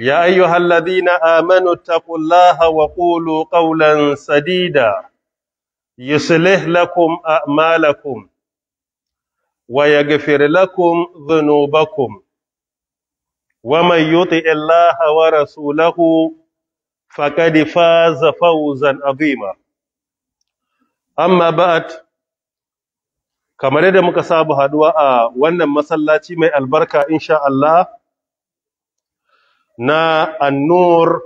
يا أيها الذين آمنوا اتقوا الله وقولوا قولا سديدا يصلح لكم أعمالكم ويغفر لكم ذنوبكم ومن يطع الله ورسوله فقد فاز فوزا عظيما أما بعد kamar yadda muka saba haduwa a wannan masallaci mai albarka insha Allah na annur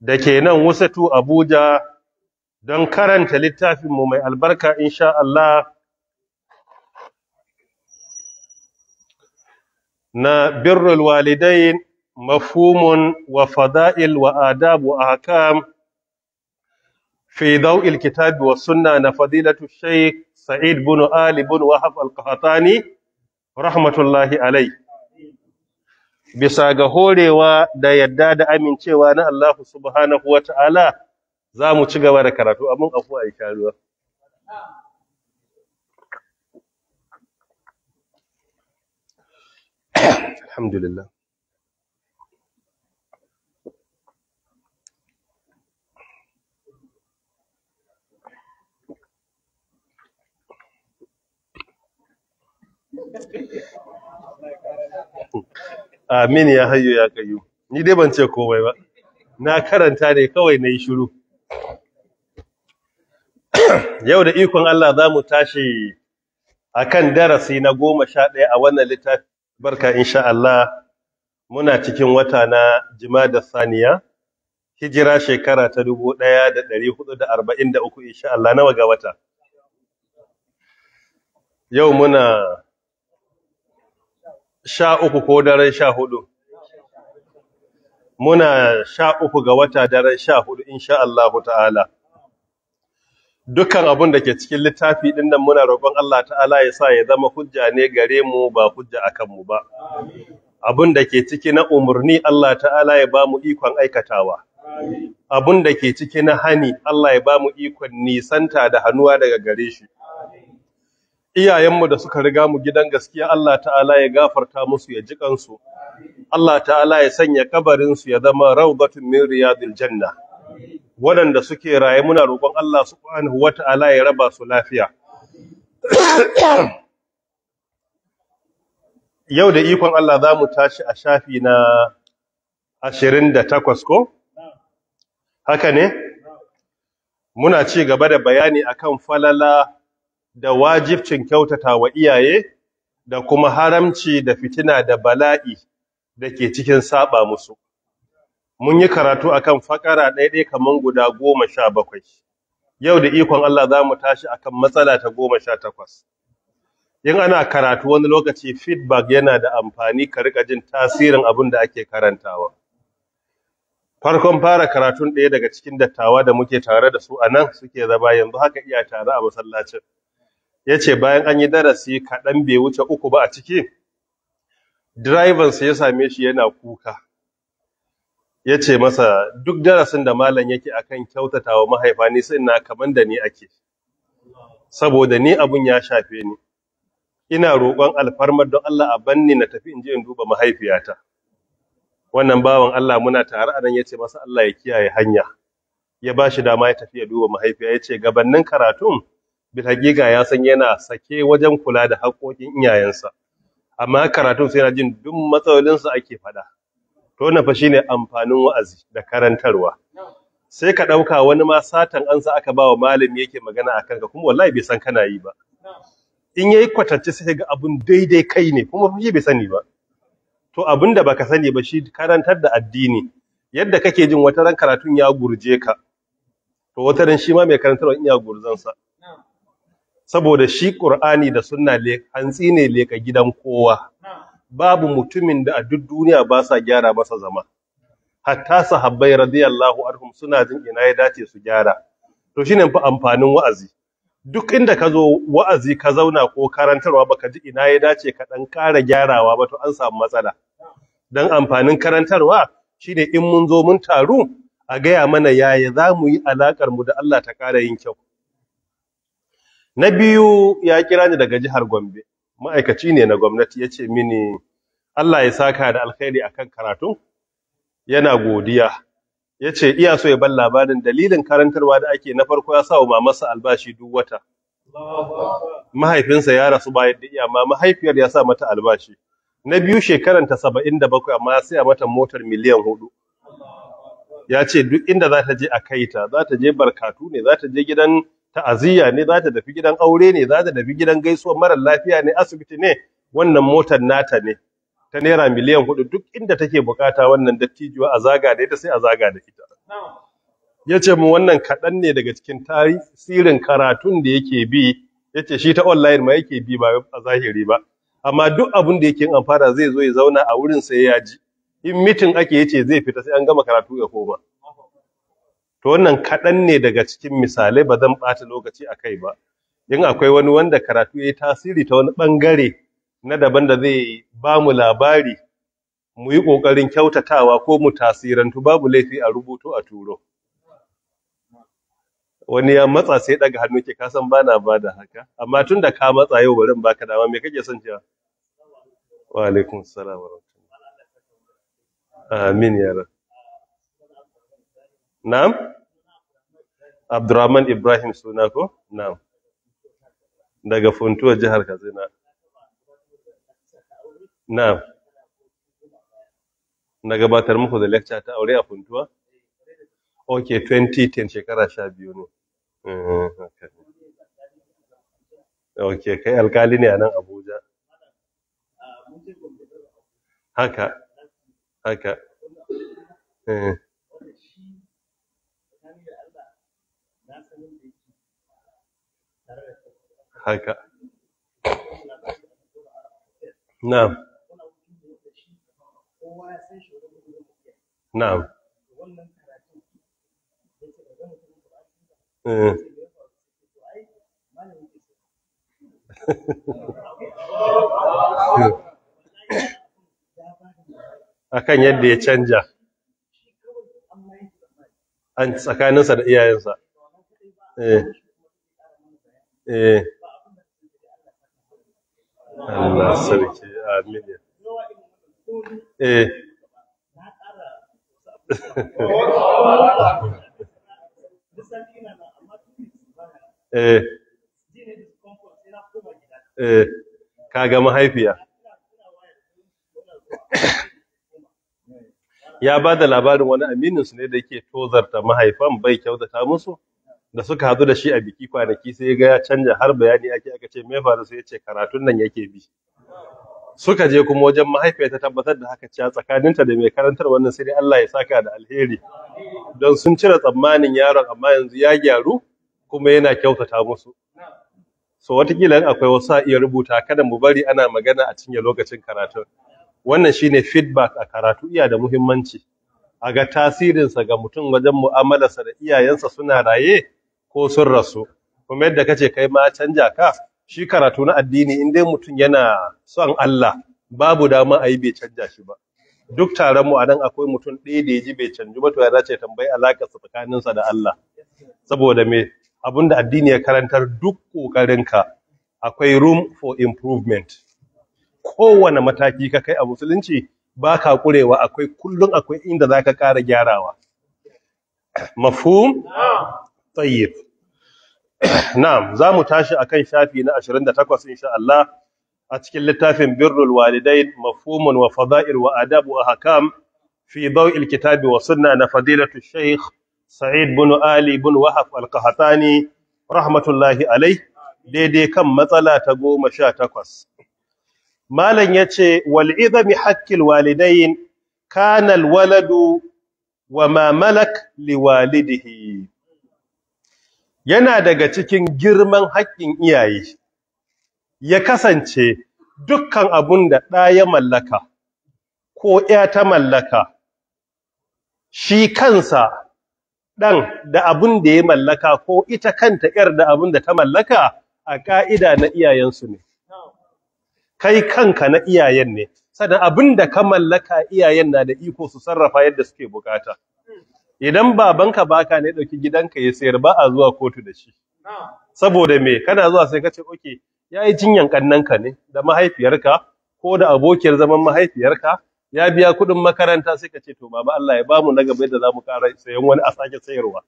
da ke nan wusatu abuja don karanta littafinmu mai albarka insha Allah na birrul walidai mafumun wa fada'il wa Adabu wa ahkam fi daw'il kitabi wa sunna na fadilatu shaykh sa'id bin ali bin wahab al rahmatullahi alayhi bisa ga horewa da yadda da amincewa na Allah subhanahu wa ta'ala za mu ci gaba da karatu abin afuwa a Alhamdulillah. ruwa. you. amin ya hayo ya kayu ni dai ban ce komai ba na karanta ne kawai na yi shiru yau da ikon Allah za mu tashi a kan darasi na goma sha ɗaya a wannan littafi barka insha Allah muna cikin wata na da saniya hijira shekara ta dubu ɗaya da ɗari hudu da arba'in da uku insha Allah nawa ga wata yau muna sha uku ko daren sha hudu muna sha uku ga wata daren sha hudu insha Allahu ta'ala dukkan abin da ke cikin littafi ɗin nan muna roƙon Allah ta'ala ya sa ya zama hujja ne gare mu ba hujja a kanmu ba abin da ke ciki na umarni Allah ta'ala ya ba mu ikon aikatawa abin da ke ciki na hani Allah ya ba mu ikon nisanta da hannuwa daga gare shi iyayenmu da suka riga mu gidan gaskiya Allah ta'ala ya gafarta musu ya ji kansu Allah ta'ala ya sanya kabarin su ya zama rawdatun min riyadil janna waɗanda suke raye muna roƙon Allah subhanahu wata'ala ya raba su lafiya yau da ikon Allah za mu tashi a shafi na 28 ko haka ne muna ci gaba da bayani akan falala da wajibcin kyautata wa iyaye da kuma haramci da fitina da bala'i da ke cikin saba musu mun yi karatu akan fakara ɗaya kamar guda goma sha bakwai yau da ikon Allah za mu tashi akan matsala ta goma sha takwas in ana karatu wani lokaci feedback yana da amfani ka riƙa jin tasirin abin da ake karantawa farkon fara karatun ɗaya daga cikin dattawa da muke tare da su a nan suke zaba, yanzu haka iya tare a masallacin ya ce bayan an yi darasi kaɗan bai wuce uku ba a ciki drivansa ya same shi yana kuka ya ce masa duk darasin da malam yake akan kyautata wa mahaifa ni sai na kaman da ni ake saboda ni abun ya shafe ni ina roƙon alfarmar don Allah a banni na tafi in je in duba mahaifiyata wannan bawan Allah muna tare a nan ya ce masa Allah ya kiyaye hanya ya ba shi dama ya tafi ya duba mahaifiya ya ce gabannin karatun bil ya san yana sake wajen kula da haƙoƙin iyayensa amma karatun sai na jin duk matsalolinsa ake faɗa to wannan fa shine amfanin wa'azi da karantarwa sai ka ɗauka wani ma satan an sa aka ba wa malami yake magana a kanka kuma wallahi bai san kana yi ba in yayi kwatance sai ga abun daidai kai ne kuma shi bai sani ba to abin da baka sani ba shi karantar da addini yadda kake jin wata ran karatun ya gurje ka to wata ran shi ma mai karantarwa in ya gurzansa saboda shi ƙur'ani da sunna hantsi ne leka gidan kowa babu mutumin da a duk duniya ba sa gyara masa zama hatta sahabbai radiyallahu anhum suna jin ina ya dace su gyara to shine fa amfanin wa'azi duk inda ka zo wa'azi ka zauna ko karantarwa baka ji ina ya dace ka dan ƙara gyarawa ba to an samu matsala dan amfanin karantarwa shine in mun zo mun taru a gaya mana yaya za mu yi alakar mu da Allah ta ƙara yin kyau na biyu ya kira ni daga jihar Gombe ma'aikaci ne na gwamnati ya ce mini Allah ya saka da alkhairi kan karatu yana godiya ya ce iya so ya ban labarin dalilin karantarwa da ake na farko ya sa wa mamarsa albashi duk wata mahaifinsa ya rasu bayan da iya ma mahaifiyar ya sa mata albashi na biyu shekaran ta saba'in da bakwai amma ya saya mata motar miliyan hudu ya ce duk inda za ta je a kai ta za ta je barkatu ne za ta je gidan ta'aziyya ne za ta tafi gidan aure ne za ta tafi gidan gaisuwar marar lafiya ne asibiti ne wannan motar nata ne ta naira miliyan hudu duk inda take bukata wannan dattijuwa a zaga da ita sai a zaga da ita ya ce mu wannan kaɗan ne daga cikin tasirin karatun da yake bi ya ce shi ta online ma yake bi ba a zahiri ba amma duk abin da yake amfana zai zo ya zauna a wurin sai ya ji in mitin ake yace zai fita sai an gama karatu ya koma to wannan kaɗan ne daga cikin misalai ba zan ɓata lokaci a kai ba in akwai wani wanda karatu ya yi tasiri ta wani ɓangare na daban da zai ba mu labari mu yi ƙoƙarin kyautatawa ko mu tasirantu babu laifi a rubutu a turo wani ya matsa sai daga hannu ke kasan ba na ba da haka amma tun da ka matsa yau barin baka dama me kake son cewa wa alaikum salam amin ya rabb na'am abdurrahman ibrahim suna ko na'am daga funtuwa jihar katsina na'am na gabatar muku da lecture ta aure a funtuwa ok 2010 shekara sha biyu eh, ne ok kai alkali ne a nan abuja haka haka eh haka eh. akan yadda ya canja a tsakaninsa da iyayensa eh Eh. Allah sarki amin. Eh. Eh. Eh. Kaga mahaifiya. Ya ba da labarin wani aminin su ne da yake tozarta mahaifan bai kyautata musu? da suka hadu da shi a biki kwanaki sai ga ya canja har bayani ake aka ce mai faru sai ya ce karatun nan yake bi suka je kuma wajen mahaifiyar ta tabbatar da haka cewa tsakaninta da mai karantar wannan sai Allah ya saka da alheri don sun cire tsammanin yaron amma yanzu ya gyaru kuma yana kyautata musu so watakila akwai wasu a iya rubuta kada mu bari ana magana a cinye lokacin karatu. wannan shine feedback a karatu iya da muhimmanci a ga tasirinsa ga mutum wajen mu'amalarsa da iyayensa suna raye ko sun rasu kuma yadda ce kai ma canja ka shi karatu na addini inda mutum yana son Allah babu dama a yi bai canja shi ba duk taron mu a nan akwai mutum ɗaya da ya ji bai canji ba to ya dace tambayi alaƙa sa tsakaninsa da Allah saboda me da addini ya karantar duk ƙoƙarinka akwai room for improvement kowane mataki ka kai a musulunci ba ka ƙurewa akwai kullum akwai inda za ka ƙara gyarawa mafhum tayyib na'am za mu tashi akan shafi na 28 insha Allah a cikin littafin birrul walidain mafhumun wa fada'il wa adab wa ahkam fi daw'il kitabi wa sunna na fadilatu shaykh sa'id bin ali bin wahab al-qahtani rahmatullahi alayh daidai kan matsala ta 18 malan yace wal idami haqqil walidain kana al waladu wa ma malak liwalidihi yana daga cikin girman haƙƙin iyaye ya kasance dukkan abun da ɗa ya mallaka ko ‘ya ta mallaka shi kansa ɗan da abun da ya mallaka ko ita kanta ‘yar da abun da ta mallaka a ƙa'ida na iyayensu ne kai kanka na iyayen ne sannan abin da ka mallaka iyayen na da iko su sarrafa yadda suke bukata idan babanka baka ne dauki gidanka ya sayar ba a zuwa kotu da shi saboda me kana zuwa sai kace okay yi jinyan kannanka ne da mahaifiyarka ko da abokiyar zaman mahaifiyarka ya biya kuɗin makaranta sai ka ce to baba Allah ya ba mu na gaba yadda zamu kara sayan wani a sake sayarwa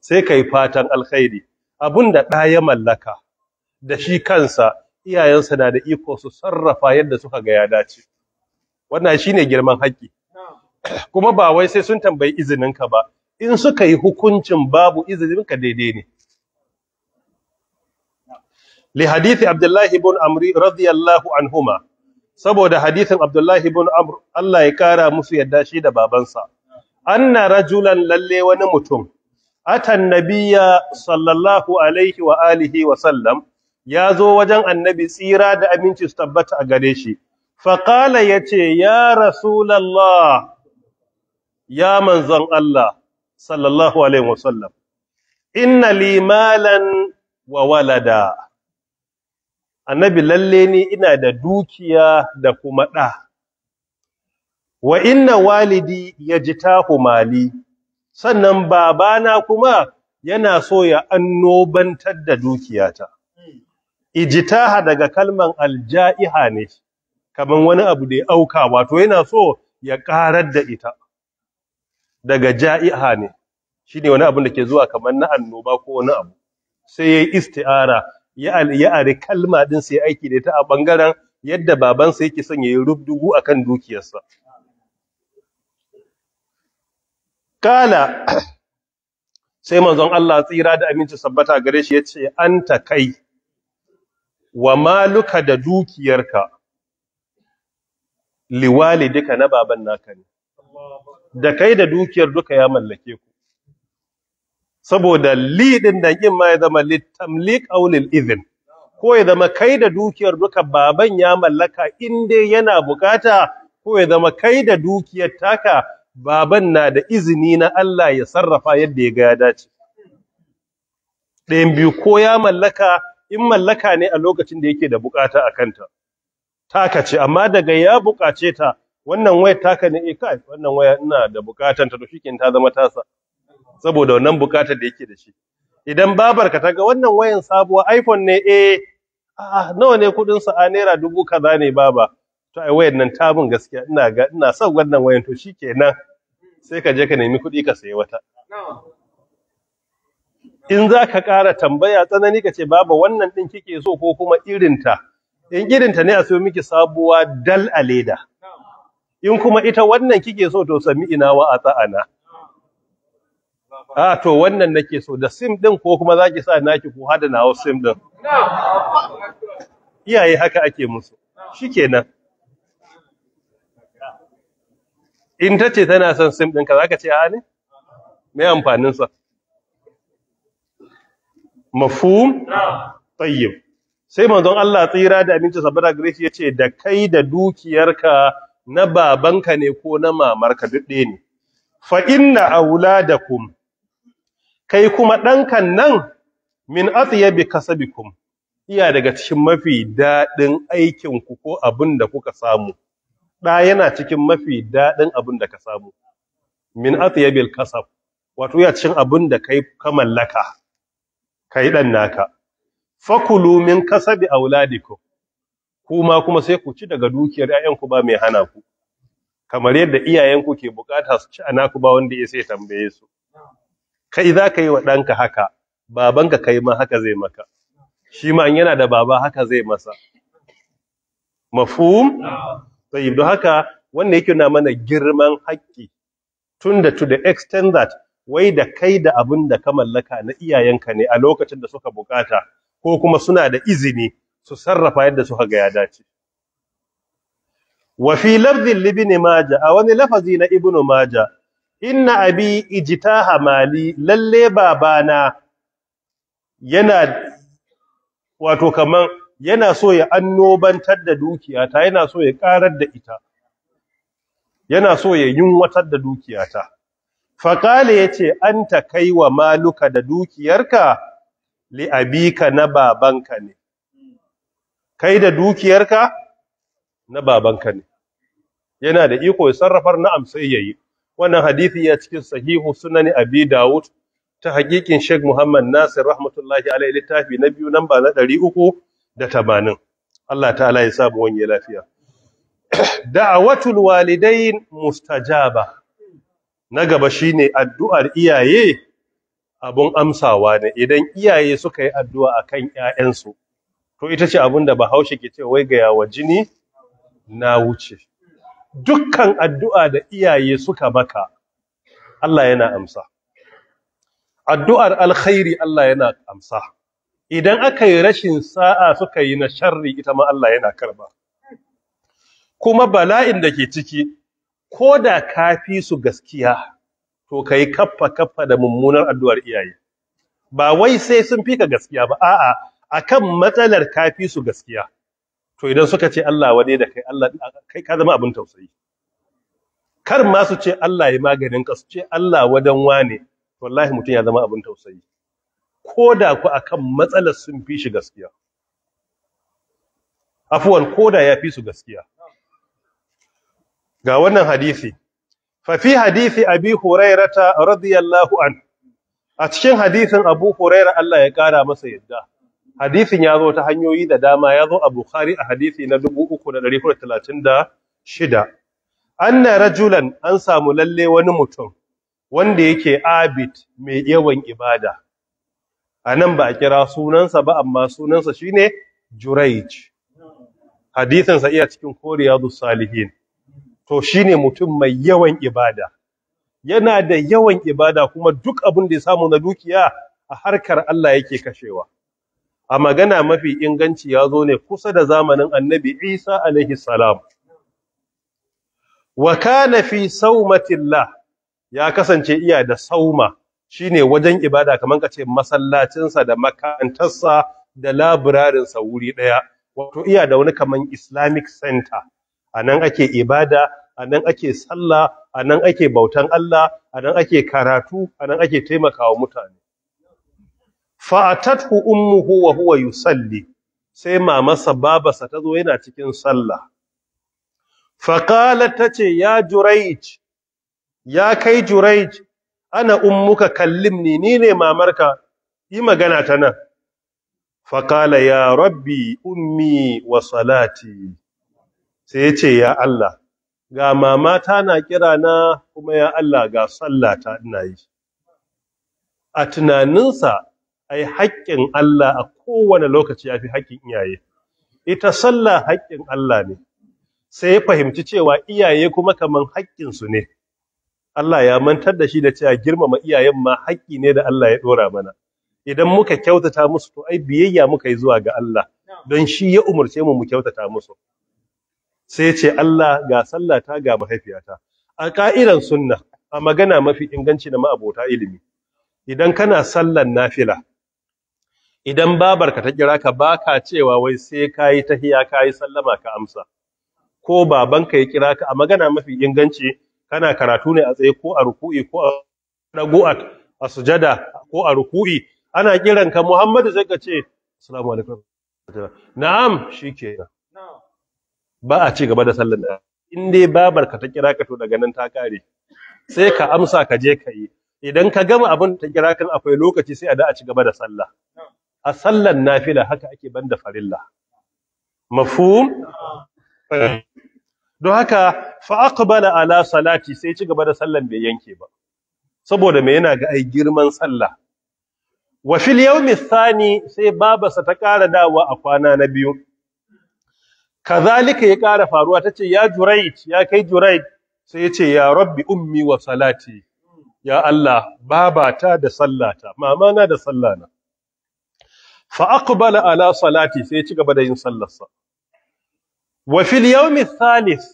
sai kai fatan alkhairi abunda da ya mallaka da shi kansa iyayensa na da iko su sarrafa yadda suka ga ya dace wannan shine girman haƙƙi kuma ba wai sai sun tambayi izininka ba in suka yi hukuncin babu izininka daidai ne li hadithi abdullahi ibn amri radiyallahu anhuma saboda hadisin abdullahi ibn amr Allah ya kara musu yadda shi da babansa anna rajulan lalle wani mutum atan nabiyya sallallahu alaihi wa alihi wa sallam ya zo wajen annabi tsira da aminci su tabbata a gare shi faƙala ya ce ya rasulallah ya manzon Allah sallallahu alaihi wasallam inna li wa walada annabi lalle ni ina da dukiya da kuma ɗa wa inna walidi yajtahu mali sannan babana kuma yana so ya annobantar da dukiyata ijitaha daga kalman aljaiha ne kamar wani abu da ya auka wato yana so ya ƙarar da ita daga ja'iha ne shi ne wani abin da ke zuwa kamar na annoba ko wani abu sai ya yi isti'ara ya ari kalma din sai aiki da ta a ɓangaren yadda babansa yake son ya yi rubdugu a kan dukiyarsa kala sai manzon Allah tsira da aminci sabbata gare shi an ta kai wa maluka da dukiyarka Liwali duka na baban naka ne da kai da dukiyar duka ya mallake ku saboda li da yin ma ya zama li tamlik aw lil idhn ko ya zama kai da dukiyar duka baban ya mallaka in dai yana bukata ko ya zama kai da dukiyar taka baban na da izini na Allah ya sarrafa yadda ya ga ya dace ɗayan biyu ko ya mallaka in mallaka ne a lokacin da yake da bukata a kanta taka ce amma daga ya bukace ta wannan waya taka ne eh kai wannan waya ina da bukatan ta to shikin ta zama tasa saboda wannan bukatar da yake da shi idan babarka ta ga wannan wayan sabuwa iPhone ne eh a'a nawa ne kudin sa a naira dubu kaza ne baba to ai wayan nan ta gaskiya ina ga ina son wannan wayan to shikenan sai ka je ka nemi kuɗi ka sayi wata in za ka ƙara tambaya tsanani ka ce baba wannan ɗin kike so ko kuma irinta in irinta ne a sayo miki sabuwa dal a leda in kuma ita wannan kike so to sami ina wa ata'ana ah to wannan nake so da sim din ko kuma zaki sa naki ko hada wa sim din iyaye haka ake musu shikenan in tace tana son sim ɗinka zaka ce a ne me amfanin sa mafhum tayyib sai manzon Allah tsira da aminci sabara gare shi yace da kai da dukiyarka na babanka ne ko na mamarka duk ɗaya ne fa inna auladakum kai kuma ɗankan nan min atyabi kasabikum iya daga cikin mafi daɗin aikin ku ko abin da kuka samu ɗa yana cikin mafi daɗin abin da ka samu min atyabil kasab wato ya cikin abin da kai ka mallaka kai dan naka fakulu min kasabi auladikum kuma kuma sai ku ci daga dukiyar ƴaƴanku ba mai hana ku kamar yadda iyayenku ke bukata su ci anaku naku ba wanda ya sai tambaye su kai za ka yi wa ɗanka haka babanka kai ma haka zai maka shi ma in yana da baba haka zai masa mafhum tayyib don haka wanda yake na mana girman haƙƙi tunda to the extent that wai da kai da abin da ka mallaka na iyayenka ne a lokacin da suka bukata ko kuma suna da izini su sarrafa yadda suka ga ya dace wa fi lafzin maja a wani lafazi na ibnu maja inna abi ijtaha mali lalle babana yana wato kaman yana so ya annobantar da dukiyata yana so ya karar da ita yana so ya yunwatar da dukiyata an yace anta wa maluka da dukiyarka li abika na babanka ne kai da dukiyarka na babanka ne yana da iko ya sarrafar na'am sai yayi wannan hadisi ya cikin sahihu sunani abi dawud ta hakikin Sheikh Muhammad Nasir rahmatullahi alaihi littafi na biyu namba na 380 Allah ta'ala ya samu wani lafiya da'awatul walidain mustajaba na gaba shine addu'ar iyaye abun amsawa ne idan iyaye suka yi addu'a akan ƴaƴansu to ita ce abin da bahaushe ke ce wai gaya wa jini na wuce dukkan addu'a da iyaye suka baka Allah yana amsa addu'ar alkhairi Allah yana amsa idan aka yi rashin sa'a suka yi na sharri ita ma Allah yana karba kuma bala'in da ke ciki ko da ka fi su gaskiya to ka yi kaffa kaffa da mummunar addu'ar iyaye ba wai sai sun fika gaskiya ba a'a akan matsalar kafi su gaskiya to idan suka ce Allah wadai da kai Allah kai ka zama abin tausayi kar ma su ce Allah ya maganin ka su ce Allah wadan wane wallahi mutum ya zama abin tausayi ko da ku akan matsalar sun fi shi gaskiya afwan ko da ya fi su gaskiya ga wannan hadisi fa fi hadisi abi hurairata radiyallahu an a cikin hadisin abu hurairah Allah ya kara masa yadda hadisin ya zo ta hanyoyi da dama ya zo a bukhari a hadisi na an na rajulan an samu lalle wani mutum wanda yake abid mai yawan ibada a nan ba a kira sunansa ba amma sunansa shi ne juraij hadisinsa iya cikin ya zo salihin to shi ne mutum mai yawan ibada yana da yawan ibada kuma duk abin da ya samu na dukiya a harkar Allah yake kashewa a magana mafi inganci ya zo ne kusa da zamanin annabi isa alaihi salam wa kana fi saumatillah ya kasance iya da sauma shine wajen ibada kamar kace masallacinsa da makarantarsa da labirarinsa wuri daya wato iya da wani kaman islamic center anan ake ibada anan ake sallah anan ake bautan Allah anan ake karatu anan ake taimakawa mutane fatatku ummuhu wa huwa yusalli sai mamarsa babarsa ta zo yana cikin sallah Fakala tace ya jurayj ya kai jurayj ana ummuka kallimni ni ne mamarka yi magana ta nan qala ya rabbi ummi wa salati sai yace ya Allah ga mamata na kira na kuma ya Allah ga sallata ina yi a tunaninsa ai haƙƙin Allah a kowane lokaci ya fi haƙƙin iyaye ita sallah haƙƙin Allah ne sai ya fahimci cewa iyaye kuma kaman haƙƙinsu ne Allah ya mantar da shi da cewa girmama iyayen ma haƙƙi ne da Allah ya ɗora mana idan muka kyautata musu to ai biyayya muka yi zuwa ga Allah don shi ya umarce mu mu kyautata musu sai ce Allah ga sallata ga mahaifiyata a ka'idar sunna a magana mafi inganci da ma'abota ilimi idan kana sallan nafila idan babarka ta kira ka baka cewa wai sai kayi tahiya kayi sallama ka amsa ko babanka ya kira ka a magana mafi inganci kana karatu ne a tsaye ko a ruku'i ko a dago a sujada ko a ruku'i ana kiran ka Muhammadu sai ka ce assalamu alaikum na'am shikenan ba a ci gaba da sallar da in dai babarka ta kira ka to daga nan ta kare sai ka amsa ka je ka yi idan ka gama abin ta kira kan akwai lokaci sai a da a ci gaba da sallah a sallan nafila haka ake banda farilla mafhum don haka fa aqbala ala salati sai ci gaba da sallan bai yanke ba saboda me yana ga ai girman sallah wa fil yawmi thani sai babasa ta ƙara dawa a kwana na biyu kazalika ya ƙara faruwa tace ya jurayd ya kai jurayd sai yace ya rabbi ummi wa salati ya Allah babata da sallata mamana da sallana fa aqbala ala salati sai ya ci gaba da yin sallarsa wa yawmi thalith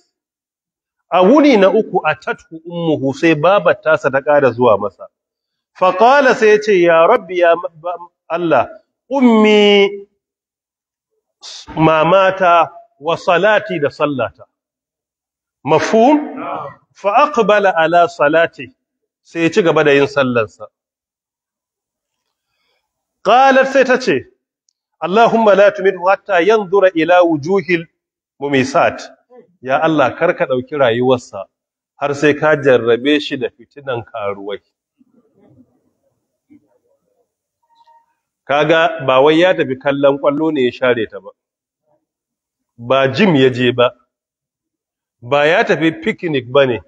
a wuni na uku atatku ummuhu sai babar tasa ta ƙara zuwa masa Faƙala sai ya ce ya rabbi ya Allah ummi mamata wa salati da sallata Mafu? fa aqbala ala salati sai cigaba ci gaba da yin sallarsa qalat sai ta ce Allahumma la tumid hatta yanzura ila wujuhil mumisat ya Allah kar ka dauki rayuwarsa har sai ka jarrabe shi da fitinan karuwai kaga ba wai ya tafi kallon kwallo ne ya share ta ba ba jim ya je ba ba ya tafi picnic bane ne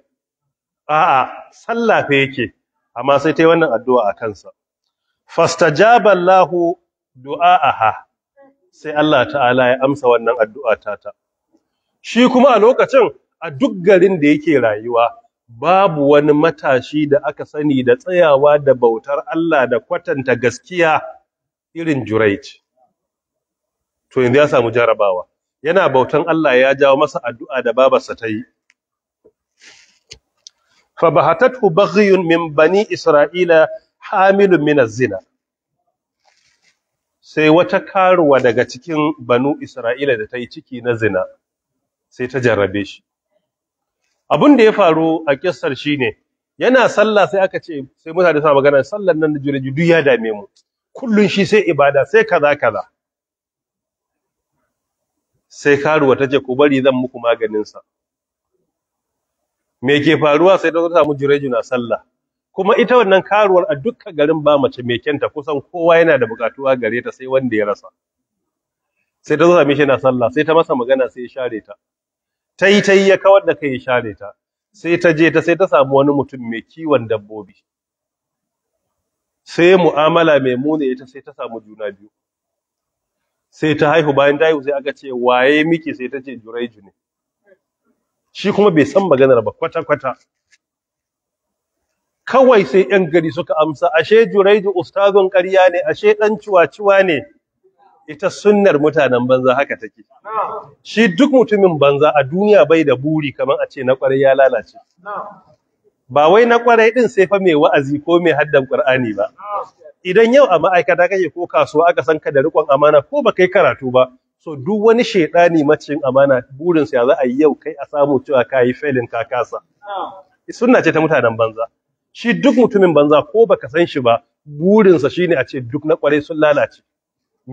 a'a fa yake amma sai ta yi wannan addu'a a kansa fastajaba Allahu du'aaha sai Allah ta'ala ya amsa wannan addu'a ta. shi kuma a lokacin a duk garin da yake rayuwa babu wani matashi da aka sani da tsayawa da bautar Allah da kwatanta gaskiya irin Jurayj to yanzu ya samu jarabawa yana bautan Allah ya jawo masa addu'a da babarsa ta yi fa bahatathu baghyun min bani isra'ila kamilu mina zina sai wata karuwa daga cikin banu Isra'ila da ta yi ciki na zina sai ta jarrabe shi abin da ya faru a shi ne. yana sallah sai aka ce sai mutane suna magana sallan nan da jirage duk ya dame mu kullun shi sai ibada sai kaza kaza sai karuwa ta ce ku bari zan muku maganinsa. me ke faruwa sai ta samu jirage na sallah kuma ita wannan karuwar a dukkan garin ba mace mai kyanta kusan kowa yana da bukatuwa gare ta sai wanda ya rasa sai ta zo shi na sallah sai ta masa magana sai ya share ta ta yi ta yi ya kawar da kai ya share ta sai ta je ta sai ta samu wani mutum mai kiwon dabbobi sai mu'amala mai muni ita sai ta samu juna biyu sai ta haihu bayan ta haihu sai aka ce waye miki sai ta ce jurai ne shi kuma bai san maganar ba kwata kwata kawai sai ‘yan gari suka amsa, ashe Juraidu Ustazon ƙarya ne, ashe ɗan ciwa-ciwa ne, ita sunnar mutanen banza haka take. Shi duk mutumin banza a duniya bai da buri kamar a ce na ƙwarai ya lalace. Ba wai na ƙwarai ɗin sai fa mai wa'azi ko mai haddan ƙur'ani ba. Idan yau a ma'aikata kake ko kasuwa aka san ka da riƙon amana ko ba kai karatu ba, so duk wani shaidani macin amana burinsa ya za a yi yau kai a samu cewa ka yi felin ka kasa. ce ta mutanen banza. shi duk mutumin banza ko baka san shi ba burinsa shine a ce duk na kwarai sun lalace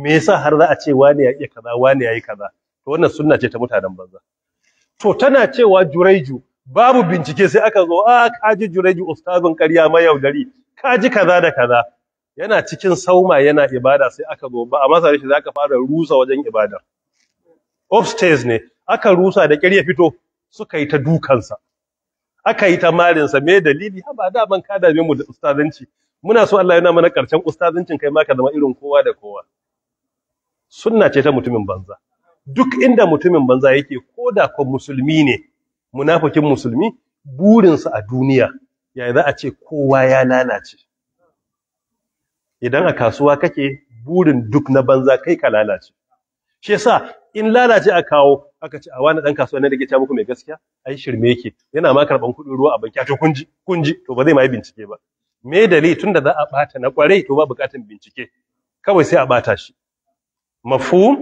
me yasa har za a ce wani ya iya kaza wani ya yi kaza to wannan sunna ce ta mutanen banza to tana cewa juraiju babu bincike sai aka zo a ah, kaji juraiju ustazin ƙarya mayaudari kaji kaza da kaza yana cikin sauma yana ibada sai aka zo ba a masa rashi ka fara rusa wajen ibada upstairs ne aka rusa da ƙyar ya fito suka yi ta dukansa aka yi ta marinsa me dalili ba da ban ka dame mu da ustazanci muna so Allah yana mana karshen ustazancin kai ma ka zama irin kowa da kowa sunna ce ta mutumin banza duk inda mutumin banza yake ko da ko musulmi ne munafikin musulmi burinsa a duniya ya za a ce kowa ya lalace idan a kasuwa kake burin duk na banza kai ka lalace shi yasa in lalace a kawo aka ce a wani dan kasuwa ne da ke ta muku mai gaskiya ai shirme yake yana ma karban kuɗin ruwa a banki to kunji kunji to ba zai ma bincike ba me dalili tunda za a bata na kwarai to ba bukatun bincike kawai sai a bata shi mafhum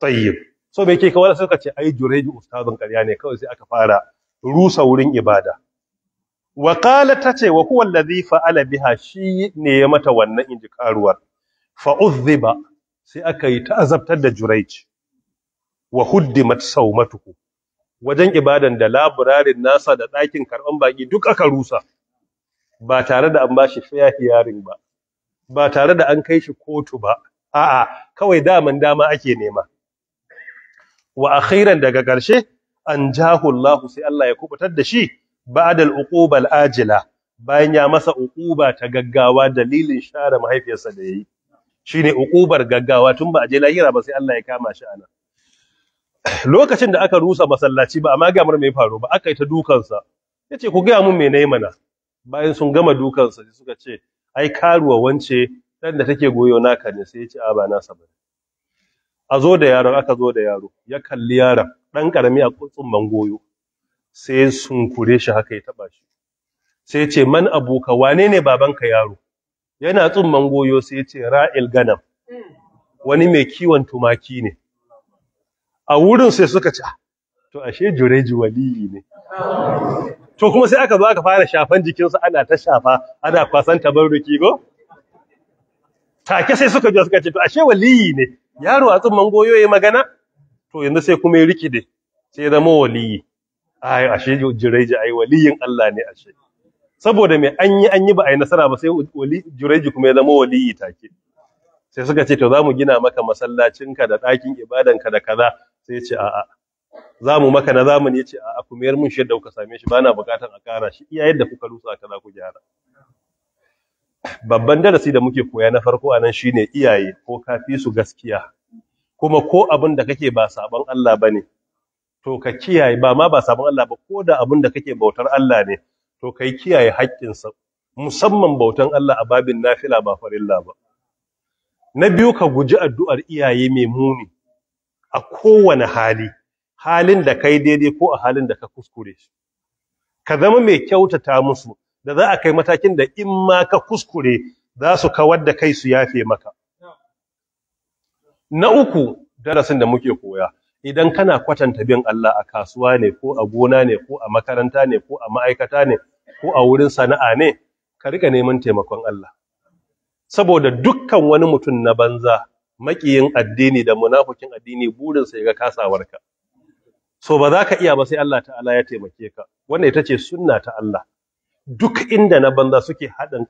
tayyib so me yake kawai suka ce ai jureji ustazin ƙarya ne kawai sai aka fara rusa wurin ibada wa qala ce wa huwa alladhi fa'ala biha shi ne ya mata wannan inji karuwar fa sai aka yi ta azabtar da juraici wa huddimat matuku. wajen ibadan da laburarin nasa da ɗakin karɓan baƙi duk aka rusa ba tare da an ba shi fiya hiyarin ba ba tare da an kai shi kotu ba a'a kawai daman dama ake nema wa akhiran daga ƙarshe an jahu Allah sai Allah ya kubutar da shi ba'dal uqubal ajila bayan ya masa uquba ta gaggawa dalilin share mahaifiyarsa da yayi shine uqubar gaggawa tun ba a je lahira ba sai Allah ya kama shi ana lokacin da aka rusa masallaci ba amma gamar mai faru ba aka yi ta dukansa yace ku ga mun me nayi mana bayan sun gama dukansa sai suka ce ai karuwa wance dan da take goyo naka ne sai yace a ba nasa ba a zo da yaron aka zo da yaro ya kalli yaron dan karami a kutsun mangoyo. sai sun kure shi haka ya taba shi sai yace man abuka wane ne babanka yaro yana tsumman goyo sai ya ce ra'il ganam wani mai kiwon tumaki ne a wurin sai suka ci ah, to ashe jure waliyi ne to kuma sai aka zo aka fara shafan jikinsu ana ta shafa ana kwasan tabarruki go take sai suka jiwa suka ce to ashe waliyi ne yaro a tsumman goyo ya magana to yanzu sai kuma ya rikide sai zama waliyi ai ashe jureji ai waliyin Allah ne ashe saboda mai an yi an yi ba a yi nasara ba sai wali jureji kuma ya zama waliyi take sai suka ce to za mu gina maka masallacinka da ɗakin ka da kaza sai ce a'a za mu maka na zamani ya ce a'a ku mayar mun shi da kuka same shi bana bukatar a kara shi iya yadda kuka rusa kaza ku gyara babban darasi da muke koya na farko anan nan shine iyaye ko ka su gaskiya kuma ko abin da kake ba sabon Allah bane to ka kiyaye ba ma ba sabon Allah ba ko da abin da kake bautar Allah ne to kai kiyaye haƙƙinsa musamman bautan Allah a babin nafila ba farilla ba na biyu ka guji addu'ar iyaye mai muni a kowane hali halin da kai daidai ko a halin da ka kuskure shi ka zama mai kyautata musu da za a kai matakin da in ma ka kuskure za su kawar da kai su yafe maka na uku darasin da muke koya idan kana kwatanta bin Allah a kasuwa ne ko a gona ne ko a makaranta ne ko a ma'aikata ne ko a wurin sana'a ne ka rika neman taimakon Allah saboda dukkan wani mutum na banza makiyin addini da munafikin addini burinsa ya ga kasawarka so ba za ka iya ba sai Allah ta'ala ya taimake ka wannan ita ce sunna ta Allah duk inda na banza suke haɗin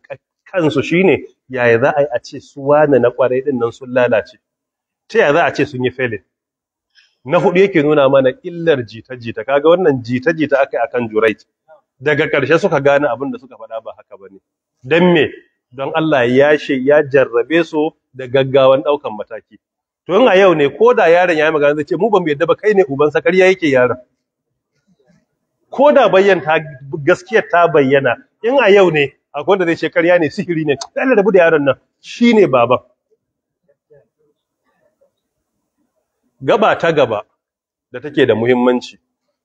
kansu shine yaya za a yi a ce su wane na kwarai din nan sun lalace ta yaya za a ce sun yi failing na hudu yake nuna mana illar jita-jita kaga wannan jita-jita akai akan jurait daga ƙarshe suka gane abin da suka faɗa ba haka ne. ne, me don Allah ya shi ya jarrabe su da gaggawan ɗaukan mataki to in a yau ne ko da yaron ya yi magana zai ce mu ban yadda ba kai ne uban ya yake yaron ko da bayyanta gaskiyar ta bayyana in a yau ne akwai da zai ce karya ne sihiri ne Allah da da yaron nan shi shine baban gaba ta gaba da take da muhimmanci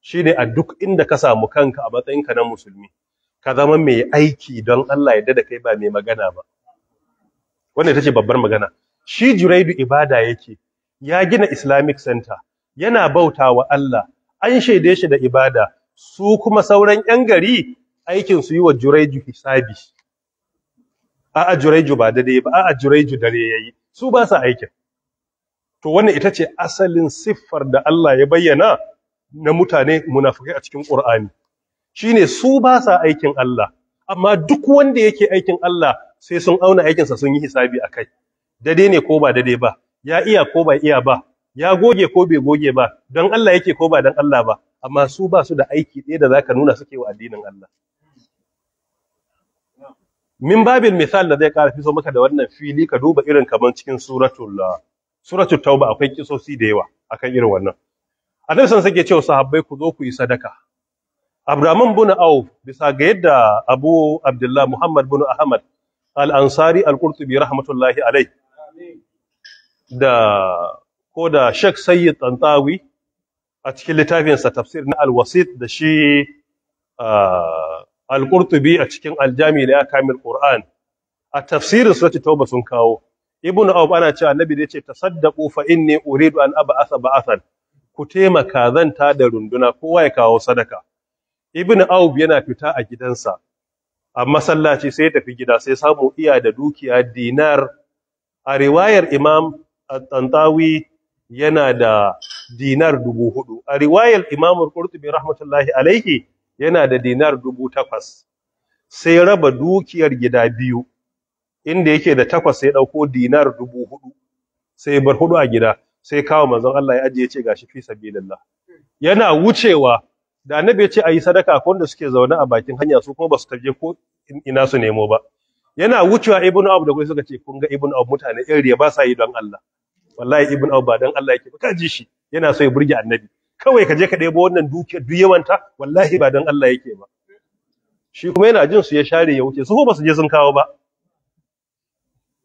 Shi ne a duk inda ka samu kanka a matsayinka na musulmi ka zama mai aiki don Allah ya dada kai ba mai magana ba wannan ita ce babbar magana shi Juraidu ibada yake ya gina Islamic Center yana bauta wa Allah an shaide shi da ibada su kuma sauran yan gari aikin su yi wa Juraidu hisabi a'a Juraidu ba dai ba a'a Juraidu dare yayi su ba sa aikin to wannan ita ce asalin siffar da Allah ya bayyana na mutane munafikai a cikin Shi shine su ba sa aikin Allah amma duk wanda yake aikin Allah sai sun auna aikinsa sun yi hisabi a kai dade ne ko ba dade ba ya iya ko ba iya ba ya goge ko bai goge ba don Allah yake ko ba don Allah ba amma su ba su da aiki ɗaya da zaka nuna suke wa addinin Allah min babil misal da zai ƙara fiso maka da wannan fili ka duba irin kaman cikin suratul suratul tauba akwai kisosi da yawa akan irin wannan annabi sun sake cewa sahabbai ku zo ku yi sadaka Abdurrahman bin Auf bisa ga yadda Abu Abdullah Muhammad bin Ahmad Al-Ansari Al-Qurtubi rahmatullahi alai da ko da Sheikh Sayyid Tantawi a cikin littafinsa tafsir na Al-Wasit da shi Al-Qurtubi a cikin Al-Jami da Kamil Qur'an a tafsirin sura Tauba sun kawo ibnu Auf ana cewa Annabi da yace tasaddaqu fa inni uridu an ba'asa ba'athan ku taimaka zan ta da runduna kowa ya kawo sadaka ibnu aub yana fita a gidansa a masallaci sai tafi gida sai samu iya da dukiya dinar a riwayar imam tantawi yana da dinar dubu hudu a riwayar imam qurtubi rahmatullahi alaihi yana da dinar dubu takwas sai raba dukiyar gida biyu inda yake da takwas sai ɗauko dinar dubu hudu sai bar hudu a gida sai kawo manzon Allah ya ajiye ce gashi fi sabilillah hmm. yana wucewa da annabi ya ce ayi sadaka ko wanda suke zaune a bakin hanya su kuma basu taje ko ina su nemo ba yana wucewa ibnu abu da kai suka ce kun ga ibnu abu mutane iriya ba sa yi don Allah wallahi ibnu abu ba don Allah yake ba ka ji shi yana so ya burge annabi kawai ka je ka debo wannan dukiyar duk yawanta wallahi ba don Allah yake ba shi kuma yana jin su ya share ya wuce su ko basu je sun kawo ba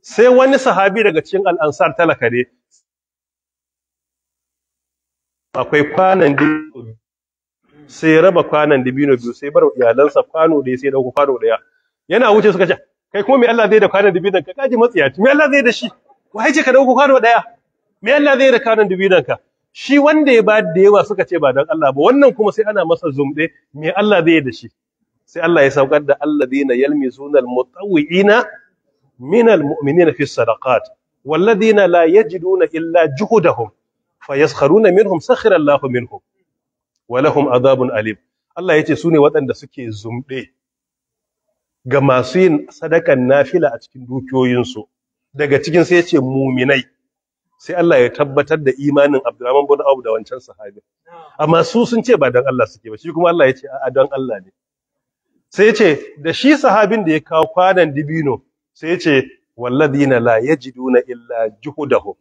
sai wani sahabi daga cikin al-ansar talaka ne akwai kwanan dibino sai raba kwanan dibino biyu sai bar iyalansa kwano da sai dauko kwano daya yana wuce suka ce kai kuma me Allah zai da kwanan dibino ka kaji matsiyaci me Allah zai da shi wai ce ka dauko kwano daya me Allah zai da kwanan dibino ka shi wanda ya ba da yawa suka ce ba dan Allah ba wannan kuma sai ana masa zumde me Allah zai da shi sai Allah ya saukar da alladhina yalmizuna almutawwi'ina min almu'minina fi sadaqat والذين لا يجدون إلا جهدهم fa na minhum sakhira Allahu minhum wa lahum adabun alim Allah yace sune waɗanda suke zumbe ga masu yin sadakan nafila a cikin dukiyoyinsu daga cikin sai yace muminai sai Allah ya tabbatar da imanin Abdurrahman bin Abu da wancan sahabi amma su sun ce ba dan Allah suke ba shi kuma Allah yace a dan Allah ne sai yace da shi sahabin da ya kawo kwanan dibino sai yace walladina la yajiduna illa juhudahum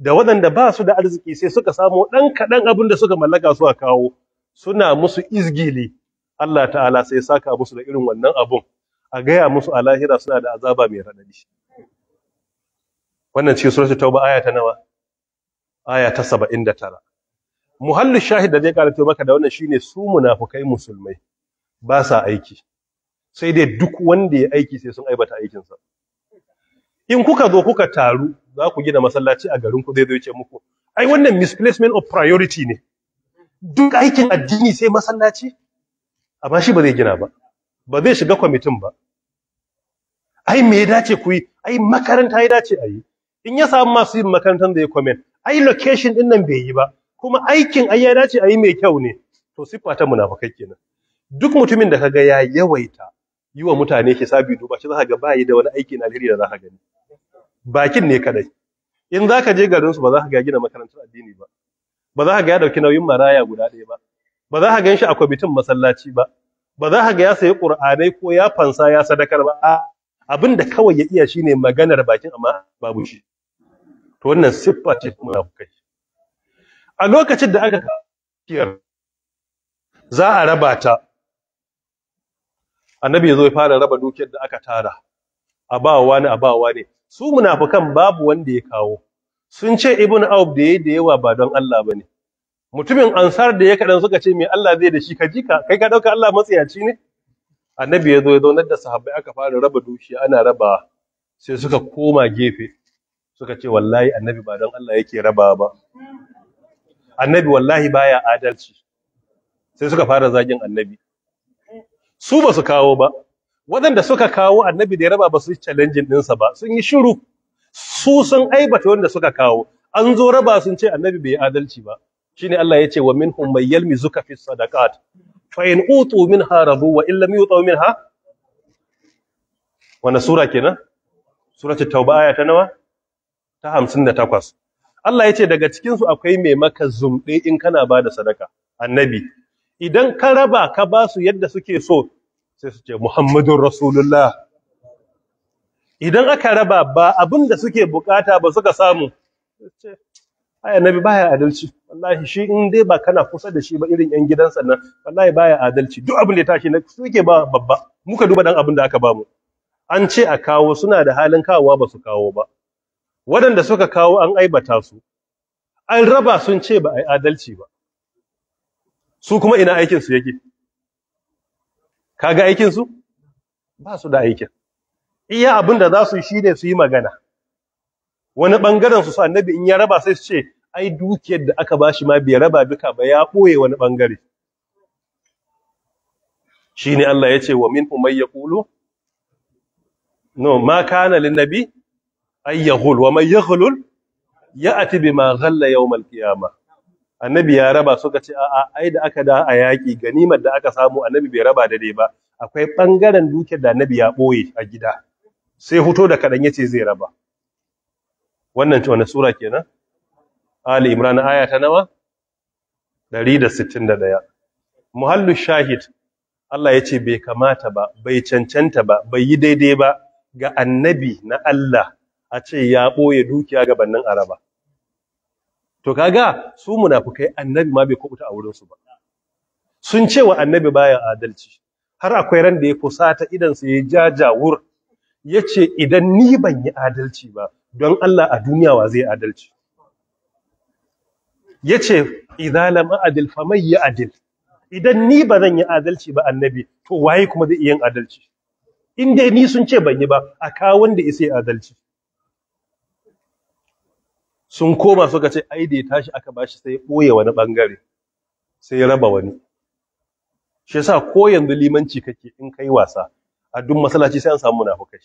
da waɗanda ba su da arziki sai suka samu ɗan kaɗan abin da suka mallaka su a kawo suna musu izgili Allah ta'ala sai saka musu da irin wannan abun a gaya musu a lahira suna da azaba mai raɗaɗi wannan ce suratul tauba aya ta nawa aya ta tara. muhallin shahid da zai karanta maka da wannan shine su munafukai musulmai ba sa aiki sai dai duk wanda ya aiki sai sun aibata aikinsa in kuka zo kuka taru za ku gina masallaci a garin ku zai zo ce muku ai wannan misplacement of priority ne duk aikin addini sai masallaci amma shi ba zai gina ba ba zai shiga kwamitin ba ai me ya dace ku yi ai makaranta ya dace a yi in ya samu masu yin makarantar da ya kwamen ai location din nan bai yi ba kuma aikin ai ya dace a yi mai kyau ne to siffa ta munafakai kenan duk mutumin da kaga ya yawaita yi wa mutane hisabi duba shi za ka ga ba yi da wani aiki na alheri da za ka gani bakin ne kadai in za ka je garin su ba za ka ga gina makarantar addini ba ba za ka ga ya dauki nauyin maraya guda ɗaya ba ba za ka gan shi a kwamitin masallaci ba ba za ka ga ya sayi qur'anai ko ya fansa ya sadakar ba abin da kawai ya iya shine maganar bakin amma babu shi to wannan siffa ce kuma kai a lokacin da aka kiyar za a raba ta annabi ya zo ya fara raba dukiyar da aka tara a ba wani a ba wani su munafukan babu wanda ya kawo sun ce ibn aub da yayi da yawa ba don Allah bane mutumin ansar da ya kadan suka ce me Allah zai da shi ka jika kai ka dauka Allah matsayaci ne annabi ya zo ya zaunar da sahabbai aka fara raba dukiya ana raba sai suka koma gefe suka ce wallahi annabi ba don Allah yake raba ba annabi wallahi baya adalci sai suka fara zagin annabi su ba su kawo ba waɗanda suka kawo annabi da ya raba ba su challenge ɗinsa ba sun yi shiru su sun aibata wanda suka kawo an zo raba sun ce annabi bai adalci ba shine Allah ya ce wa minhum may yalmizuka fi sadaqat fa in utu minha rabu wa in lam yutu minha wana sura kenan suratul tauba aya ta nawa ta 58 Allah ya ce daga cikin su akwai mai maka zumbe in kana bada sadaka annabi idan ka raba ka ba su yadda suke so sai su ce muhammadun rasulullah idan aka raba ba abin da suke bukata ba suka samu ai annabi baya adalci wallahi shi in dai ba kana kusa da shi ba irin yan gidansa nan wallahi baya adalci duk abin da ya tashi na suke ba babba muka duba dan abin da aka bamu an ce a kawo suna da halin kawowa ba su kawo ba waɗanda suka kawo an aibata su an raba sun ce ba a yi adalci ba su kuma ina aikinsu yake kaga aikin su ba su da aikin iya abin da za su yi shine su yi magana wani bangaren su su annabi in ya raba sai su ce ai dukiyar da aka ba shi ma bai raba duka ba ya koye wani bangare shine Allah ya ce wa min ya yaqulu no ma kana lin nabi ay yaghul wa ya yaghul ya'ti bima ghalla yawm al qiyamah annabi ya raba suka ce a'a ai da aka da a yaƙi ganimar da aka samu annabi bai raba da dai ba akwai ɓangaren dukiyar da annabi ya ɓoye a gida sai huto da kaɗan yace zai raba wannan wani sura kenan ali imran aya ta nawa 161 muhallu shahid Allah ya ce bai kamata ba bai cancanta ba bai yi daidai ba ga annabi na Allah a ce ya ɓoye dukiya ga gabanin araba to kaga su munafukai annabi ma bai kubuta a wurin su ba sun ce wa annabi baya adalci har akwai ran da ya fusata idan sa ya jajawur yace idan ni ban yi adalci ba don Allah a duniya wa zai adalci yace idza lam adil faman ya adil idan ni ba zan yi adalci ba annabi to waye kuma zai yi adalci in dai ni sun ce ban yi ba a kawo wanda isa adalci sun koma suka ce ai da ya tashi aka bashi sai ya ɓoye wani ɓangare sai ya raba wani shi yasa ko yanzu limanci kake in kai wasa a duk masallaci sai an samu munafukai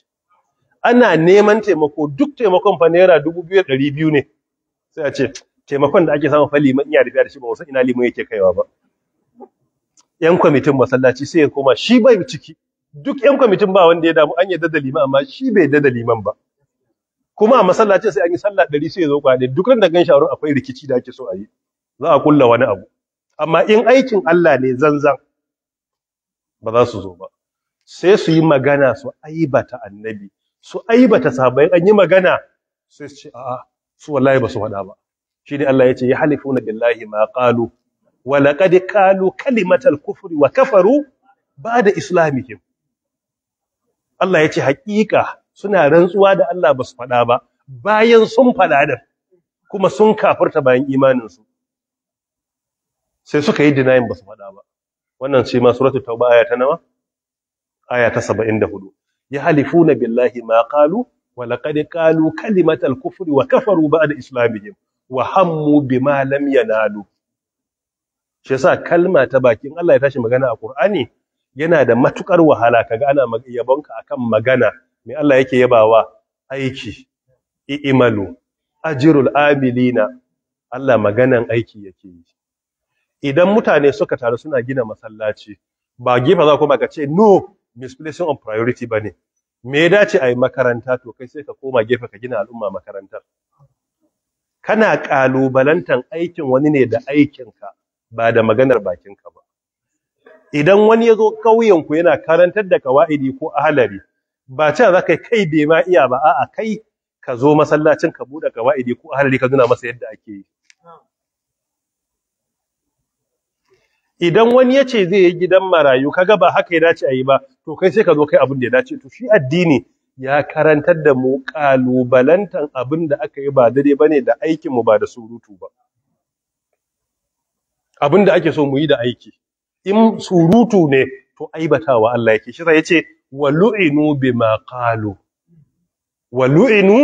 ana neman taimako duk taimakon fa naira dubu biyu da ɗari biyu ne sai a ce taimakon da ake samu fa liman iya rufe da shi ba wasan ina liman yake kaiwa ba yan kwamitin masallaci sai ya koma shi bai ciki duk yan kwamitin ba wanda ya damu an yadda da liman amma shi bai yadda da liman ba kuma a masallacin sai an yi sallah ɗari sai ya zo kwaɗe duk da gan sharon akwai rikici da ake so a yi za a kulla wani abu amma in aikin Allah ne zanzan ba za su zo ba sai su yi magana su aibata annabi su aibata sahabbai an yi magana sai su ce a'a su wallahi ba su faɗa ba shi Allah ya ce ya halifuna billahi ma qalu wa laqad qalu kalimatal kufri wa kafaru ba da islamihim Allah ya ce haƙiƙa suna rantsuwa da Allah ba su faɗa ba bayan sun faɗa da kuma sun kafirta bayan imaninsu sai suka yi denying ba su faɗa ba wannan ce ma suratul tauba aya ta nawa aya ta 74 yahlifuna billahi ma qalu wa laqad qalu kalimatal kufri wa kafaru ba'da islamihim wa hammu bima lam yanalu shi yasa kalma ta bakin Allah ya tashi magana a Qur'ani yana da matukar wahala kaga ana yabonka akan magana me Allah yake yabawa aiki i'imalu ajirul amilina Allah maganan aiki yake yi idan mutane suka taru suna gina masallaci ba gefa za kuma ka ce no misplacing of priority bane me ya dace a yi makaranta to kai sai ka koma gefe ka gina al'umma makarantar kana kalubalantan aikin wani ne da aikinka ba da maganar bakinka ba idan wani ya zo ƙauyenku yana karantar da kawa'idi ko ahalari ba cewa za kai kai bai ma iya ba a kai ka zo masallacin ka buɗe idi ko ahalari ka zuna masa yadda ake yi idan wani ya ce zai yi gidan marayu kaga ba haka ya dace a yi ba to kai sai ka zo kai abin da ya dace to shi addini ya karantar da mu kalubalantan abin da aka yi ba dare ba ne da aikin mu ba da surutu ba abin da ake so mu yi da aiki in surutu ne to aibatawa Allah yake shi sai ya ce walu'inu lu'inu bima qalu walu'inu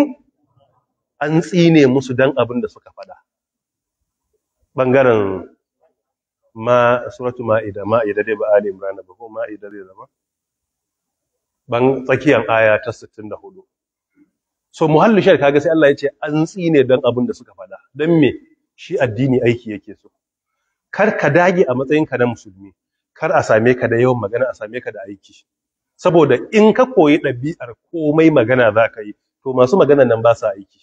an tsine musu dan abin da suka fada bangaren ma suratu ma'ida ma'ida dai ba ali imran ba ko ma'ida dai zama ban tsakiyan aya ta 64 so muhallu shar kaga sai Allah ya ce an tsine dan abin da suka fada dan me shi addini aiki yake so kar ka dage a matsayinka na musulmi kar a same ka da yawan magana a same ka da aiki saboda in ka koyi ɗabi'ar komai magana za ka yi to masu magana nan ba sa aiki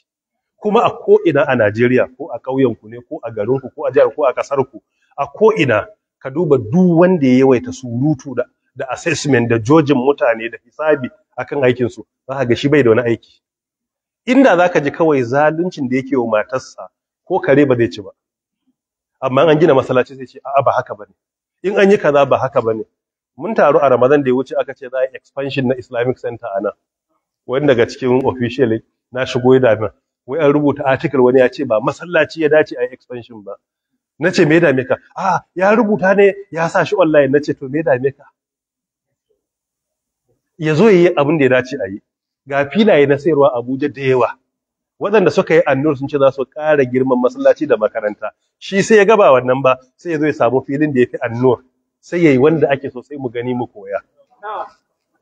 kuma a ko'ina a Najeriya ko a ƙauyenku ne ko a garinku ko a jihar ko a ƙasarku a ko'ina ka duba duk wanda ya yawaita surutu da da assessment da jojin mutane da hisabi akan aikin su za ka ga shi bai da wani aiki inda za ka ji kawai zaluncin da yake wa matarsa ko kare ba zai ci ba amma an gina masallaci zai ce a'a ba haka bane in an yi kaza ba haka bane mun taru a Ramadan da ya wuce aka ce za a yi expansion na Islamic Center a nan wani daga cikin official na shigo ya dame wai an rubuta article wani ya ce ba masallaci ya dace a yi expansion ba na ce me dame ka ah ya rubuta ne ya sa shi online na ce to me dame ka ya zo yi abin da ya dace a yi ga filaye na sayarwa Abuja da yawa waɗanda suka yi annur sun ce za su ƙara girman masallaci da makaranta shi sai ya gaba wannan ba sai ya zo ya samu filin da ya fi annur sai yayi wanda ake so sai mu gani mu koya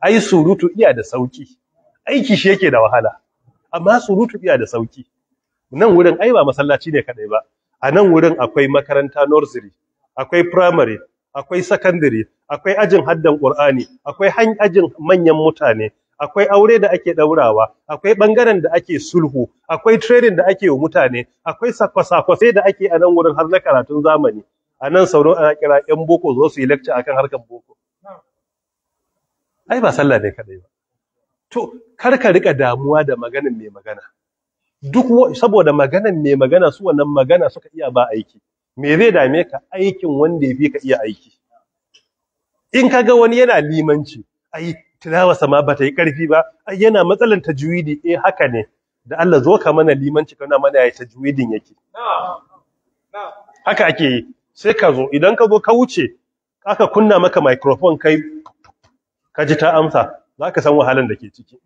ai surutu iya da sauki aiki shi yake da wahala amma surutu iya da sauki nan wurin ai ba masallaci ne kadai ba a nan wurin akwai makaranta nursery akwai primary akwai secondary akwai ajin haddan qur'ani akwai ajin manyan mutane akwai aure da ake daurawa akwai bangaren da ake sulhu akwai training da ake wa mutane akwai sakwasakwasai da ake a nan wurin har na karatun zamani a nan sauran ana kira yan boko zo su yi lacca akan harkar boko ai ba sallah ne kaɗai ba to kar ka rika damuwa da maganin mai magana duk saboda maganin mai magana su wannan magana suka iya ba aiki me zai dame ka aikin wanda fi ka iya aiki in kaga wani yana limanci ai sama ba ta yi ƙarfi ba ai yana matsalan juwidi, eh haka ne da Allah zo ka mana limanci kana mana ta tajwidin yake haka ake yi sai ka zo idan ka zo ka wuce aka kunna maka microphone kai ka ji ta amsa za ka san wahalar da ke ciki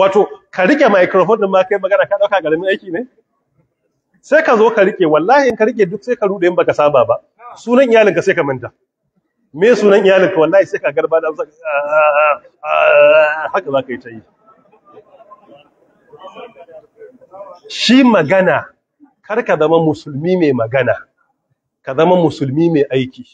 wato ka rike microphone din ma kai magana ka dauka garamin aiki ne sai ka zo ka rike wallahi in ka rike duk sai ka rude in baka saba ba sunan iyalinka sai ka manta me sunan iyalinka wallahi sai ka garba da amsa ah, ah, ah, haka za ka yi ta yi shi magana kar ka zama musulmi mai magana ka zama musulmi mai aiki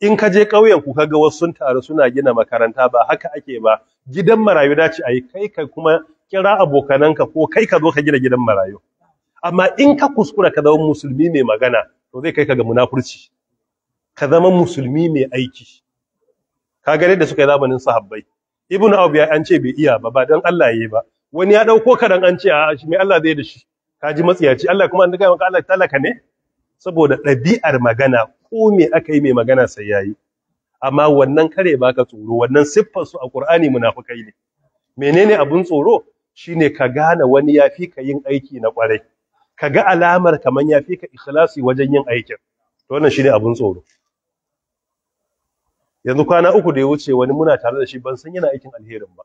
in ka je ƙauyen ku kaga wasu sun taru suna gina makaranta ba haka ake ba gidan marayu da dace ayi kai ka kuma kira abokananka ko kai ka zo ka gina gidan marayu amma in ka kuskura ka zama musulmi mai magana to zai kai ka ga munafurci ka zama musulmi mai aiki ka ga da suka yi zamanin sahabbai ibnu abu ya an ce bai iya ba ba dan Allah yayi ba wani ya dauko dan an ce a shi mai Allah zai da shi ka ji matsiyaci Allah kuma an gaya maka Allah talaka ne saboda ɗabi'ar magana ko me aka yi mai magana sai yayi amma wannan kare baka tsoro wannan siffar su a Qur'ani kai ne menene abin tsoro shine ka gane wani yafi ka yin aiki na kwarai ka ga alamar kaman yafi ka ikhlasi wajen yin aikin to wannan shine abun tsoro yanzu kwana uku da ya wuce wani muna tare da shi ban san yana aikin alherin ba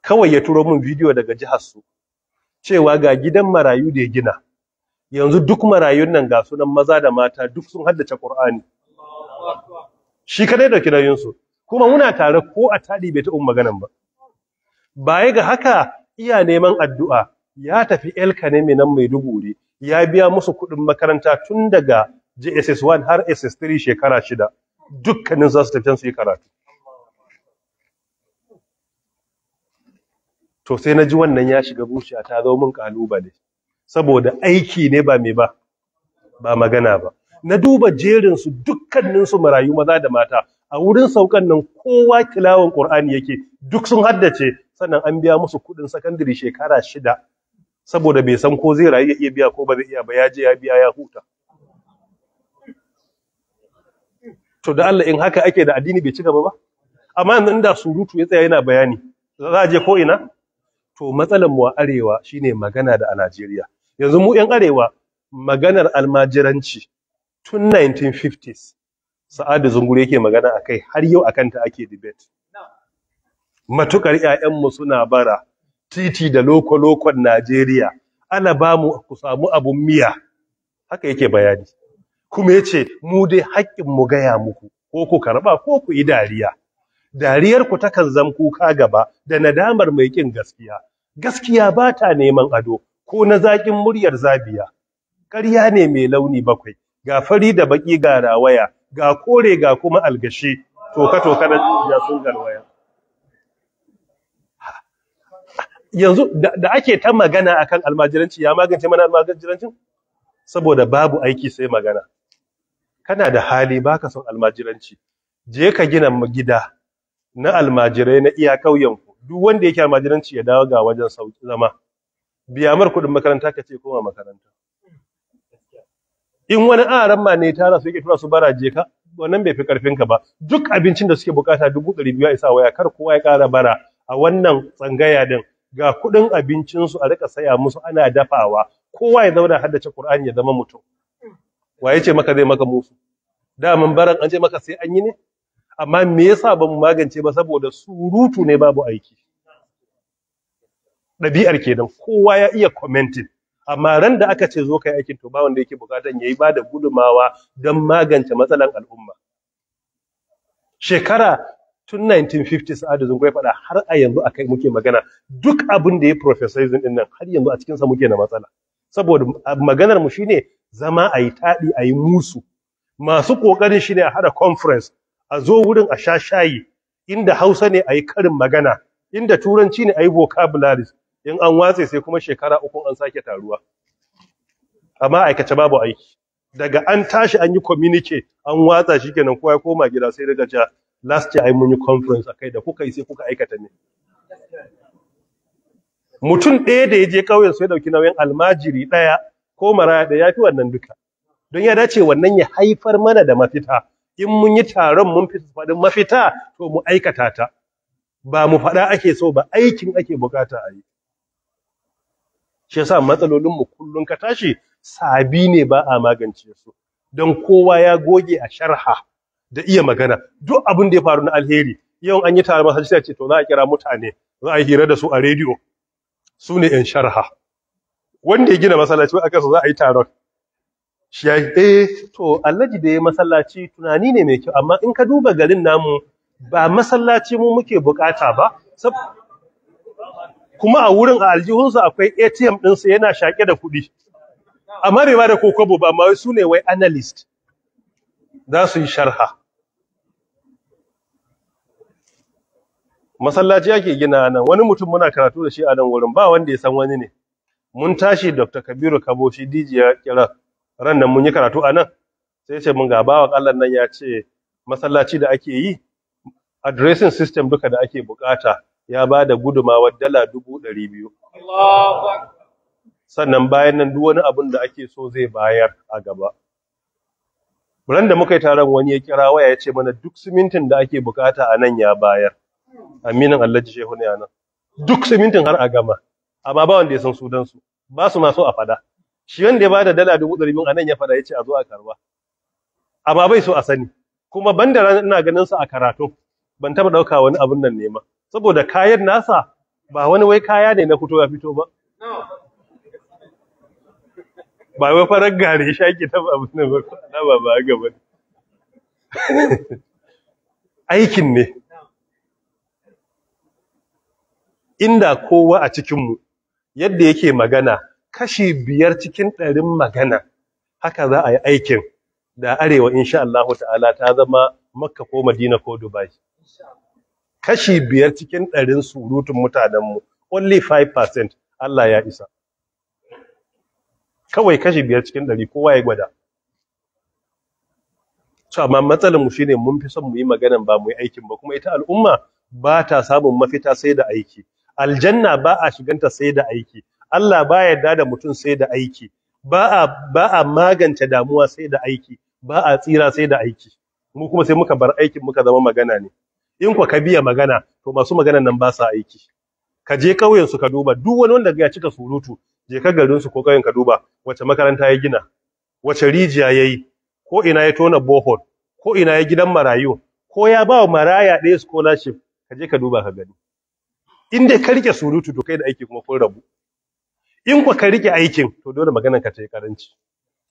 kawai ya turo min bidiyo daga jihar su cewa ga gidan marayu da ya gina yanzu duk marayun nan ga sunan maza da mata duk sun haddace Qur'ani shi kadai dauki nauyinsu, kuma muna tare ko a taɗi bai ta maganan ba baya ga haka iya neman addu'a ya tafi elka ne nan mai dubure ya biya musu kuɗin makaranta tun daga JSS1 har SS3 shekara shida dukkanin za su tafi su yi karatu to sai na ji wannan ya shiga zuciya ta zo mun kalubale saboda aiki ne ba me ba ba magana ba na duba jerin su dukkanin su marayu maza da mata a wurin saukan nan kowa kilawan qur'ani yake duk sun haddace sannan an biya musu kudin sakandare shekara shida saboda bai san ko zai rayu ya iya biya ko ba zai iya ba ya je ya biya ya huta to da Allah in haka ake da addini bai ci gaba ba amma yanzu inda surutu ya tsaya yana bayani za a je ko ina to matsalar mu a arewa shine magana da a Najeriya yanzu mu yan arewa maganar almajiranci tun 1950s Sa'adu Zungure yake magana akai har yau akan ta ake debate matukar mu suna bara titi da loko-lokon Najeriya ana ba mu ku samu abun miya haka yake bayani kuma yace mu dai haƙƙin mu gaya muku ko ku karba ko ku yi dariya dariyar ku takan zam kuka gaba da nadamar mai kin gaskiya gaskiya ba ta neman ado ko na zakin muryar zabiya ƙarya ne mai launi bakwai ga fari da baki ga rawaya ga kore ga kuma algashi toka toka na ya sun garwaya yanzu da ake ta magana akan almajiranci ya magance mana almajirancin saboda babu aiki sai magana kana da hali baka son almajiranci je ka gina gida na almajirai na iya ƙauyenku duk wanda yake almajiranci ya dawo ga wajen sauki zama biya mar kuɗin makaranta ka ce koma makaranta in wani aran ma ne tara su yake tura su bara je ka wannan bai fi karfin ka ba duk abincin da suke bukata dubu ɗari biyu isa waya kar kowa ya ƙara bara a wannan tsangaya din ga kuɗin abincin su a rika saya musu ana dafawa kowa ya zauna haddace Qur'ani ya zama mutum wa ce maka zai maka musu mun baran an ce maka sai an yi ne amma me yasa ba mu magance ba saboda surutu ne babu aiki ɗabi'ar kenan kowa ya iya commenting amma ran da aka ce zo kai aikin to ba wanda yake bukatan yayi ba da gudumawa don magance matsalan al'umma shekara tun 1950s Adu Zungo ya faɗa har a yanzu a kai muke magana duk abin da ya professorism din nan har yanzu a cikinsa muke na matsala saboda maganar mu shine zama a yi taɗi a yi musu masu ƙoƙarin shine a haɗa conference a zo wurin a sha shayi inda Hausa ne a yi karin magana inda Turanci ne a yi vocabularis in an watse sai kuma shekara uku an sake taruwa amma aikace babu aiki daga an tashi an yi communique an watsa shi kenan kowa ya koma gida sai daga ja last year ai mun yi conference akai da kuka yi sai kuka aikata ne mutum ɗaya da ya je ƙauyen sai ya ɗauki nauyin almajiri ɗaya ko maraya da ya fi wannan duka don ya dace wannan ya haifar mana da mafita in mun yi taron mun fi faɗi mafita to mu aikata ta ba mu faɗa ake so ba aikin ake bukata a yi shi yasa matsalolin mu kullun ka tashi sabi ne ba a magance su don kowa ya goge a sharha da iya magana duk abin da ya faru na alheri yau an yi taron masallaci ce to za a kira mutane za a yi hira da su a rediyo su ne yan sharha wanda ya gina masallaci aka so za a yi taron shi eh, to alhaji da ya masallaci tunani ne mai kyau amma in ka duba garin namu ba masallaci mu muke bukata ba kuma a wurin a aljihunsu akwai ATM su yana shaƙe da kuɗi amma bai ba da kokobo ba su ne wai analyst za su yi sharha masallaci ake gina nan wani mutum muna karatu da shi a nan wurin ba wanda ya san wani ne mun tashi Dr. Kabiru Kabo shi DJ ya kira ran nan mun yi karatu a nan sai ce mun ga bawan nan ya ce masallaci da ake yi addressing system duka da ake bukata ya ba da gudumawar dala dubu ɗari biyu sannan bayan nan duk wani abun da ake so zai bayar a gaba ran da muka yi taron wani ya kira waya ya ce mana duk simintin da ake bukata a nan ya bayar aminin allaji shehu ne a nan duk simintin har a gama amma ba wanda ya san su don su ba su ma a fada shi wanda ya bada dala dubu ɗari a nan ya fada ya ce a zo a karuwa. amma bai so a sani kuma ban da ranar ina ganin sa a karatu ban taɓa ɗauka wani abin nan nema saboda kayan nasa ba wani wai kaya ne na fito ya fito ba ba wai farar gare shaki ta abin nan ba na ba ba ga ba aikin ne inda kowa a cikinmu yadda yake magana kashi biyar cikin ɗarin magana haka za a yi aikin da arewa insha Allah ta'ala ta zama makka ko madina ko dubai kashi biyar cikin ɗarin surutun mutanenmu only 5% Allah ya isa kawai kashi biyar cikin ɗari kowa ya gwada so amma matsalar mu ne mun fi son mu yi maganan ba mu yi aikin ba kuma ita al'umma ba ta samun mafita sai da aiki aljanna ba a shiganta sai da aiki Allah ba yarda dada mutum sai da aiki ba a magance damuwa sai da aiki ba a tsira sai da aiki mu kuma sai muka bar aikin muka zama magana ne in kuwa ka biya magana to masu magana nan ba sa aiki ka je ƙauyensu ka duba duk wani wanda ya cika surutu je ka garinsu ko ƙauyen ka duba wace makaranta ya gina wace rijiya ya yi? ko ina ya tona bohol ko ina ya gidan marayu ko ya ba wa maraya ɗaya scholarship ka je ka duba ka gani in dai ka rike surutu to kai da aiki kuma kun rabu in ku ka rike aikin to dole maganar ka ta yi karanci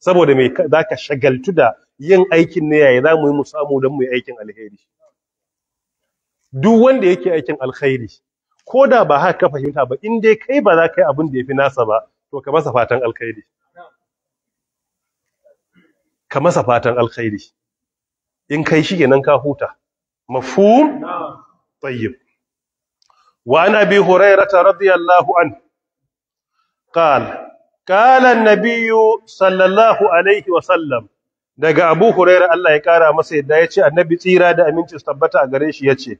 saboda me za ka shagaltu da yin aikin ne yaya za mu yi mu samu don mu yi aikin alheri duk wanda yake aikin alkhairi ko da ba haka ka fahimta ba in dai kai ba za ka yi abin da ya fi nasa ba to ka masa fatan alkhairi ka masa fatan alkhairi in kai shi kenan ka huta mafhum tayyib wa an abi hurairah radiyallahu anhu قال قال النبي صلى الله عليه وسلم daga Abu Hurairah Allah ya kara masa yadda yace Annabi tsira da aminci su tabbata a gare shi yace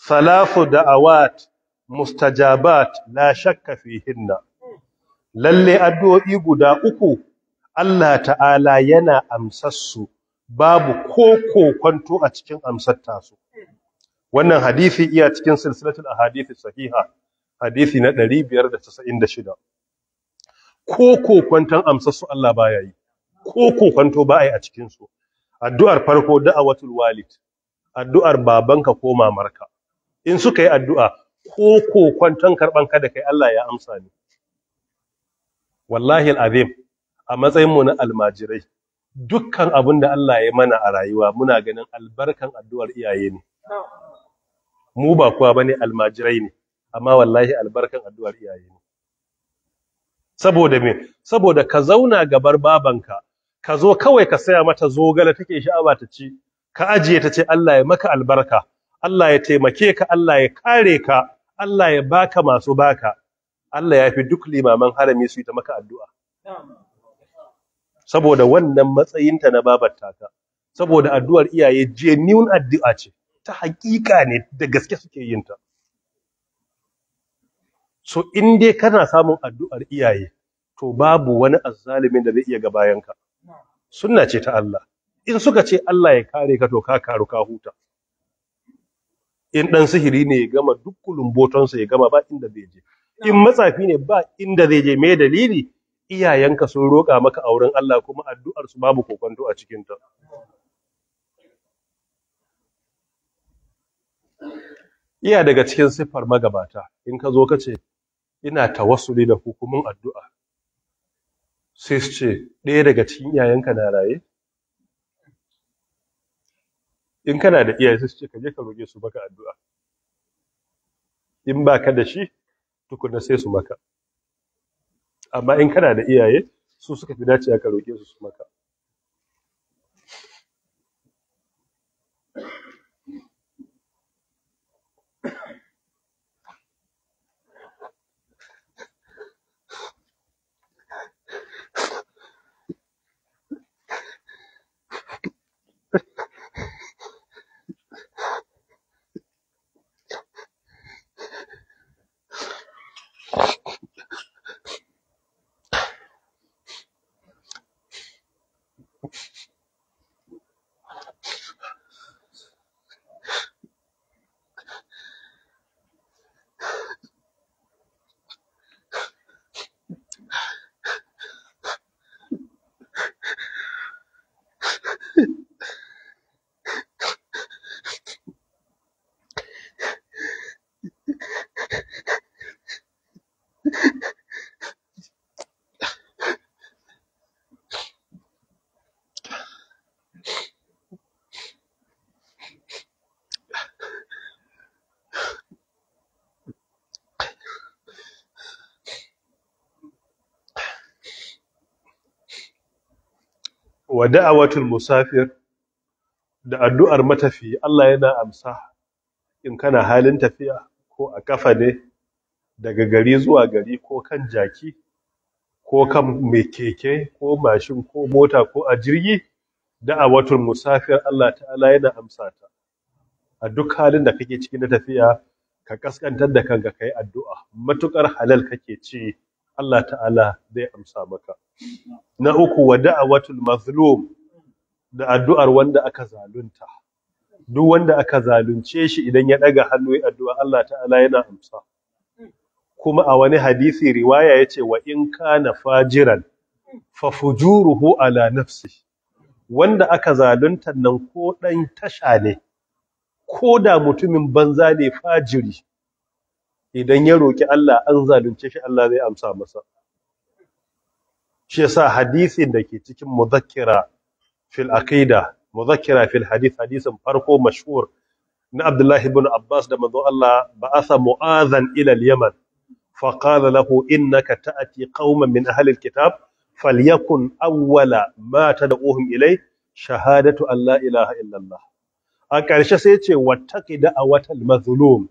salafu da'awat mustajabat la shakka fihinna lalle addu'o'i guda uku Allah ta'ala yana amsassu babu ko kwanto a cikin amsar su wannan hadisi iya cikin silsilatul ahadith sahiha hadisi na 596 ko kwantan amsa su Allah baya yi ko kokwanto ba a yi a cikin su addu'ar farko da'awatul walid addu'ar babanka ko mamarka in suka yi addu'a ko kokwantan karban ka da kai Allah ya amsa ne wallahi alazim a matsayin mu na almajirai dukkan abin da Allah ya mana a rayuwa muna ganin albarkan addu'ar iyaye ne mu ba kuwa bane almajirai ne amma wallahi albarkan addu'ar iyaye ne saboda me saboda ka zauna gabar babanka ka zo kawai ka saya mata zogale take sha'awa ta ci ka ajiye ta ce Allah ya maka albarka Allah ya taimake ka Allah ya kare ka Allah ya baka masu baka Allah ya fi duk limaman harami su yi ta maka addu'a saboda wannan matsayinta na babar saboda addu'ar iyaye genuine addu'a ce ta hakika ne da gaske suke yin ta so in dai kana samun addu'ar iyaye to babu wani azzalimin da zai iya ga bayanka sunna ce ta Allah in suka ce Allah ya kare ka to ka karu ka huta in dan sihiri ne ya gama duk sa ya gama ba inda zai je in matsafi ne ba inda zai je me dalili iyayenka sun roƙa maka auren Allah kuma addu'ar su babu kokonto a cikin ta iya daga cikin siffar magabata in ka zo ka ce ina tawassuli da hukumin addu'a sai su ce ɗaya daga cikin iyayenka na raye in kana da iyaye sai su ce ka je ka roƙe su maka addu'a in ba ka da shi tukuna sai su maka amma in kana da iyaye su suka fi dace ka roƙe su su maka wa da'awatul musafir da addu'ar matafi Allah yana amsa in kana halin tafiya ko a kafa ne daga gari zuwa gari ko kan jaki ko kan mai keke ko mashin ko mota ko a jirgi da'awatul musafir Allah ta'ala yana amsa ta a duk halin da kake ciki na tafiya ka kaskantar da kanka kai addu'a matukar halal kake ci Allah ta'ala zai amsa maka na uku wa da'awatul mazlum da addu'ar wanda aka zalunta duk wanda aka zalunce shi idan ya daga hannu ya addu'a Allah ta'ala yana amsa kuma a wani hadisi riwaya yace wa in kana fajiran fa fujuruhu ala nafsi wanda aka zalunta nan ko dan tasha ne ko da mutumin banza ne fajiri idan ya roki Allah an zalunce shi Allah zai amsa masa shi yasa hadisin da ke cikin muzakkira fil aqida muzakkira fil hadith hadisin farko mashhur na Abdullah ibn Abbas da manzo Allah ba'atha mu'adhan ila al-Yaman fa qala lahu innaka ta'ti qauman min ahli al-kitab falyakun awwala ma tad'uhum ilay shahadatu an la ilaha illa Allah a ƙarshe sai ya ce a watan mazlum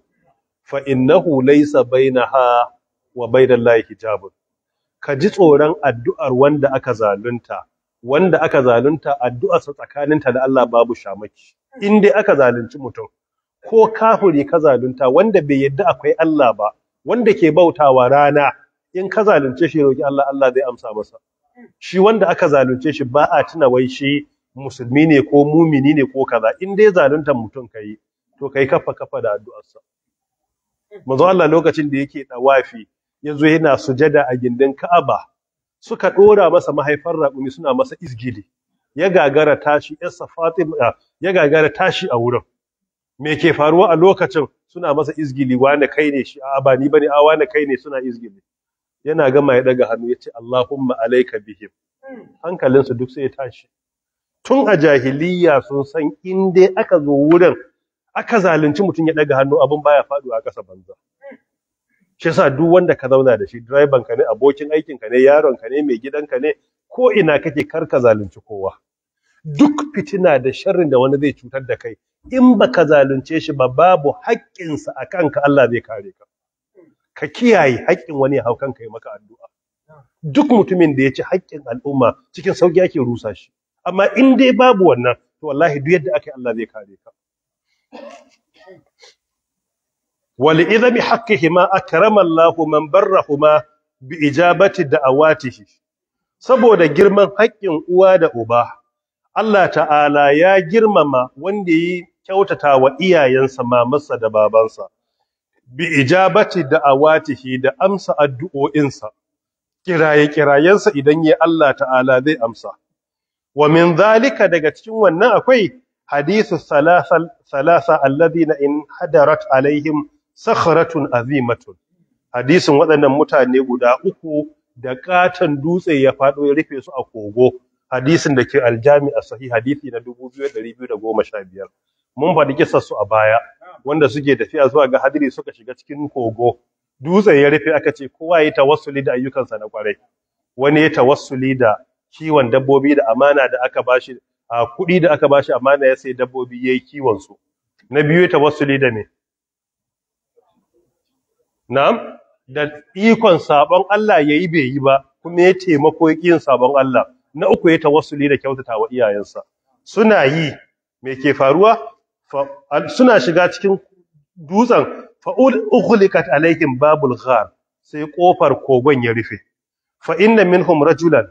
fa innahu laysa bainaha wa bainallahi hijabun ka ji tsoron addu'ar wanda aka zalunta wanda aka zalunta addu'ar sa tsakaninta da Allah babu shamaki in aka zalunci mutum ko kafiri ka zalunta wanda bai yadda akwai Allah ba wanda ke bautawa rana in ka zalunce shi roki Allah Allah zai amsa masa shi wanda aka zalunce shi ba a tuna wai shi musulmi ne ko mumini ne ko kaza in dai zaluntar mutum kai to kai kafa kafa da addu'arsa manzo Allah lokacin da yake dawafi yazo yana sujada a gindin Ka'aba suka dora masa mahaifar raƙumi suna masa izgili ya gagara tashi ya Fatima ah, ya gagara tashi a wurin me ke faruwa a lokacin suna masa izgili wani kai ne shi a ba bane a wani kai ne suna izgili yana gama ya daga hannu yace Allahumma alayka bihim hankalinsa duk sai ya tashi tun a jahiliya sun san in aka zo wurin aka zalunci mutum ya daga hannu abin baya faduwa a ƙasa banza shi sa duk wanda ka zauna da shi direban ka ne abokin aikin ka ne yaron ka ne mai gidan ka ne ko ina kake kar ka zalunci kowa duk fitina da sharrin da wani zai cutar da kai in ba ka zalunce shi ba babu haƙƙinsa a kanka Allah zai kare ka ka kiyaye haƙƙin wani hau kanka ya maka addu'a duk mutumin da ya ci haƙƙin al'umma cikin sauƙi ake rusa shi amma in dai babu wannan to wallahi duk yadda aka yi Allah zai kare ka wal idami ma akrama Allahu man barrahuma bi ijabati da'awatihi saboda girman haƙƙin uwa da uba Allah ta'ala ya girmama wanda yi kyautata wa iyayensa mamarsa da babansa bi ijabati da'awatihi da amsa addu'o'insa kiraye kirayensa idan ya Allah ta'ala zai amsa wa min zalika daga cikin wannan akwai حديث salasa ثلاثة in hadarat alaihim عليهم صخرة عظيمة waɗannan mutane guda uku da ƙaton dutse ya faɗo ya rufe su a kogo hadisin da ke aljami a sahih hadisi na biyar. mun faɗi kisar a baya wanda suke tafiya zuwa ga hadiri suka shiga cikin kogo dutse ya rufe aka ce kowa ya tawassuli da ayyukansa na kwarai wani ya tawassuli da kiwon dabbobi da amana da aka bashi a kuɗi da aka bashi amana ya sai dabbobi yayi kiwon su na biyu ta wasu da ne. na'am da ikon sabon Allah yayi bai yi ba kuma ya taimako yin sabon Allah na uku ya wasu da kyautata wa iyayensa suna yi me ke faruwa suna shiga cikin dutsen fa'ul ukhliqat alaihim babul ghar sai kofar kogon ya rufe fa inna minhum rajulan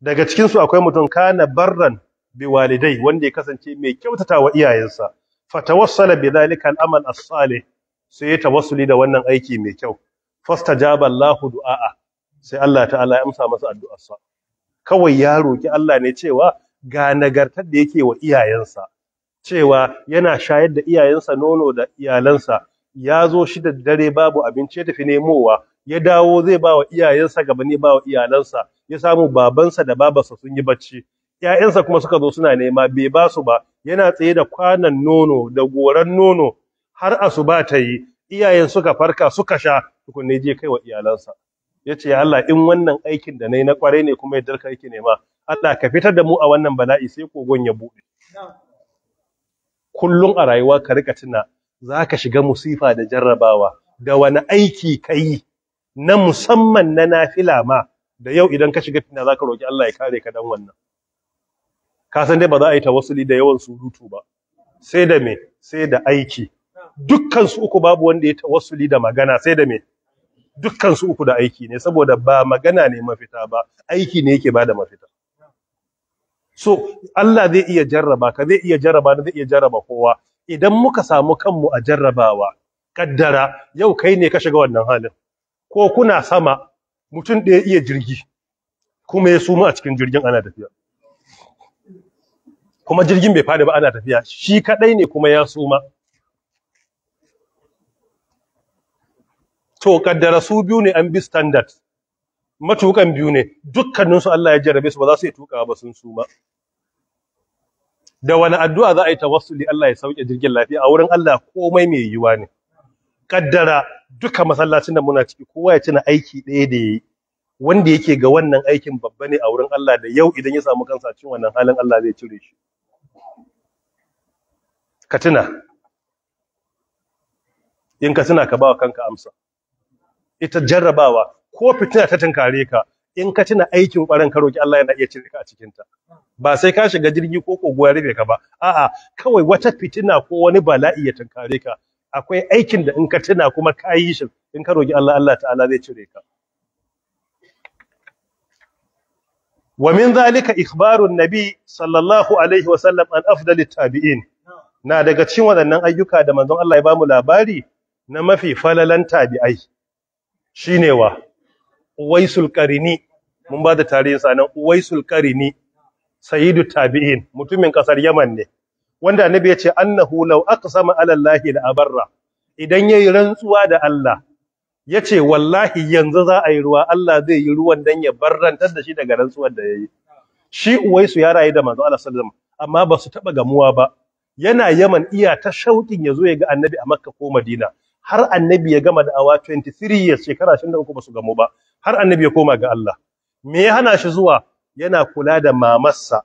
daga cikin su akwai mutum kana barran biwalidai wanda ya kasance mai kyautata wa iyayensa fatawassala bidhalika al-amal as-salih sai ya tawassuli da wannan aiki mai kyau fastajaba Allahu du'a sai Allah ta'ala ya amsa masa addu'arsa kawai ya roki Allah ne cewa ga nagartar da yake wa iyayensa cewa yana shayar da iyayensa nono da iyalansa ya zo shi da dare babu abinci ya tafi nemowa ya dawo zai ba wa iyayensa gaba ne ba wa iyalansa ya samu babansa da babarsa sun yi bacci Ya'yansa kuma suka zo suna nema bai ba su ba yana tsaye da kwanan nono da goran nono har asuba ta yi iyayen suka farka suka sha tukunne je kai wa iyalansa yace ya Allah in wannan aikin da na yi na kware ne kuma yadda ka yake nema Allah ka fitar da mu a wannan bala'i sai kogon ya buɗe. kullum a rayuwa ka rika tuna za ka shiga musifa da jarrabawa da wani aiki ka yi na musamman na nafila ma da yau idan ka shiga tuna za ka roƙi Allah ya kare ka dan wannan ka san dai ba za a yi tawassuli da yawan surutu ba sai da me sai da aiki dukkan su uku babu wanda ya wasuli da magana sai da me dukkan su uku da aiki ne saboda ba magana ne mafita ba aiki ne yake bada mafita so Allah zai iya jarraba ka zai iya jarraba ne zai iya jarraba kowa idan muka samu kanmu a jarrabawa kaddara yau kai ne ka shiga wannan halin ko kuna sama mutum ɗaya iya jirgi kuma ya suma a cikin jirgin ana tafiya kuma jirgin bai fadi ba ana tafiya shi kadai ne kuma ya suma to kaddara su biyu ne an bi standard matukan biyu ne dukkanin su Allah ya jarrabe su ba za su yi tuka ba sun suma da wani addu'a za a yi tawassuli Allah ya sauke jirgin lafiya a wurin Allah komai mai yiwa ne kaddara duka masallacin da muna ciki kowa ya cina aiki ɗaya da yayi wanda yake ga wannan aikin babba ne a wurin Allah da yau idan ya samu kansa cikin wannan halin Allah zai cire shi ka tuna in ka tuna ka ba wa kanka amsa ita jarrabawa ko fitina ta tunkare ka in ka tuna aikin ƙwarin ka roki Allah yana iya cire ka a cikin ta ba sai ka shiga jirgi ko kogo ya rufe ka ba a'a kawai wata fitina ko wani bala'i ya tunkare ka akwai aikin da in ka tuna kuma ka yi shi in ka roki Allah Allah ta'ala zai cire ka wa min zalika ikhbarun nabi sallallahu alaihi wa sallam an afdalit tabi'in na daga cikin waɗannan ayyuka da manzon Allah ya bamu labari na mafi falalan tabi'ai shine wa Uwaisul Qarini mun ba da tarihin sa nan Uwaisul Qarini sayyidu tabi'in mutumin kasar Yaman ne wanda annabi ya ce annahu law aqsama ala Allah la abarra idan yayi rantsuwa da Allah yace wallahi yanzu za a yi ruwa Allah zai yi ruwan dan ya barrantar da shi daga rantsuwar da yayi shi Uwaisu ya rayu da manzon Allah sallallahu alaihi wasallam amma ba su taba gamuwa ba yana Yaman iya ta shauƙin ya zo ya ga annabi a Makka ko Madina har annabi ya gama da awa 23 years shekara 23 basu gamo ba har annabi ya koma ga Allah me ya hana shi zuwa yana kula da mamarsa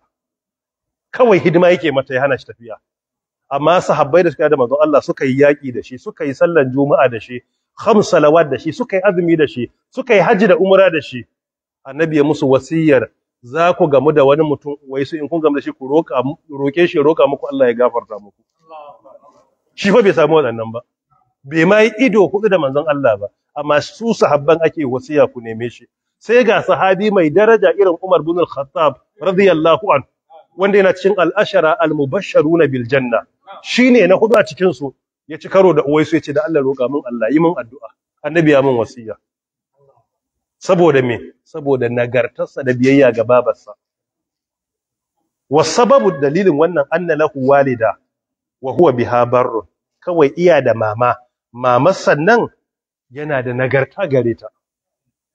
kawai hidima yake mata ya hana shi tafiya amma sahabbai da suka da manzon Allah suka yi yaki da shi suka yi sallan juma'a da shi khams salawat da shi suka yi azumi da shi suka yi haji da umra da shi annabi ya musu wasiyar za ku gamu da wani mutum wai su in kun gamu da shi ku roƙe shi roƙa muku Allah ya gafarta muku shi fa bai samu waɗannan ba bai ma yi ido hudu da manzon Allah ba amma su sahabban ake wasiya ku neme shi sai ga sahabi mai daraja irin Umar bin Al-Khattab radiyallahu an wanda yana cikin al-ashara al-mubashsharuna bil janna shine na hudu a cikin su ya ci karo da uwaisu ya ce da Allah roƙa min Allah yi min addu'a annabi ya min wasiya saboda me saboda nagartarsa da biyayya ga babarsa wasababu dalilin wannan anna lahu walida wa huwa biha barrun kawai iya da mama mama sannan yana da nagarta gare ta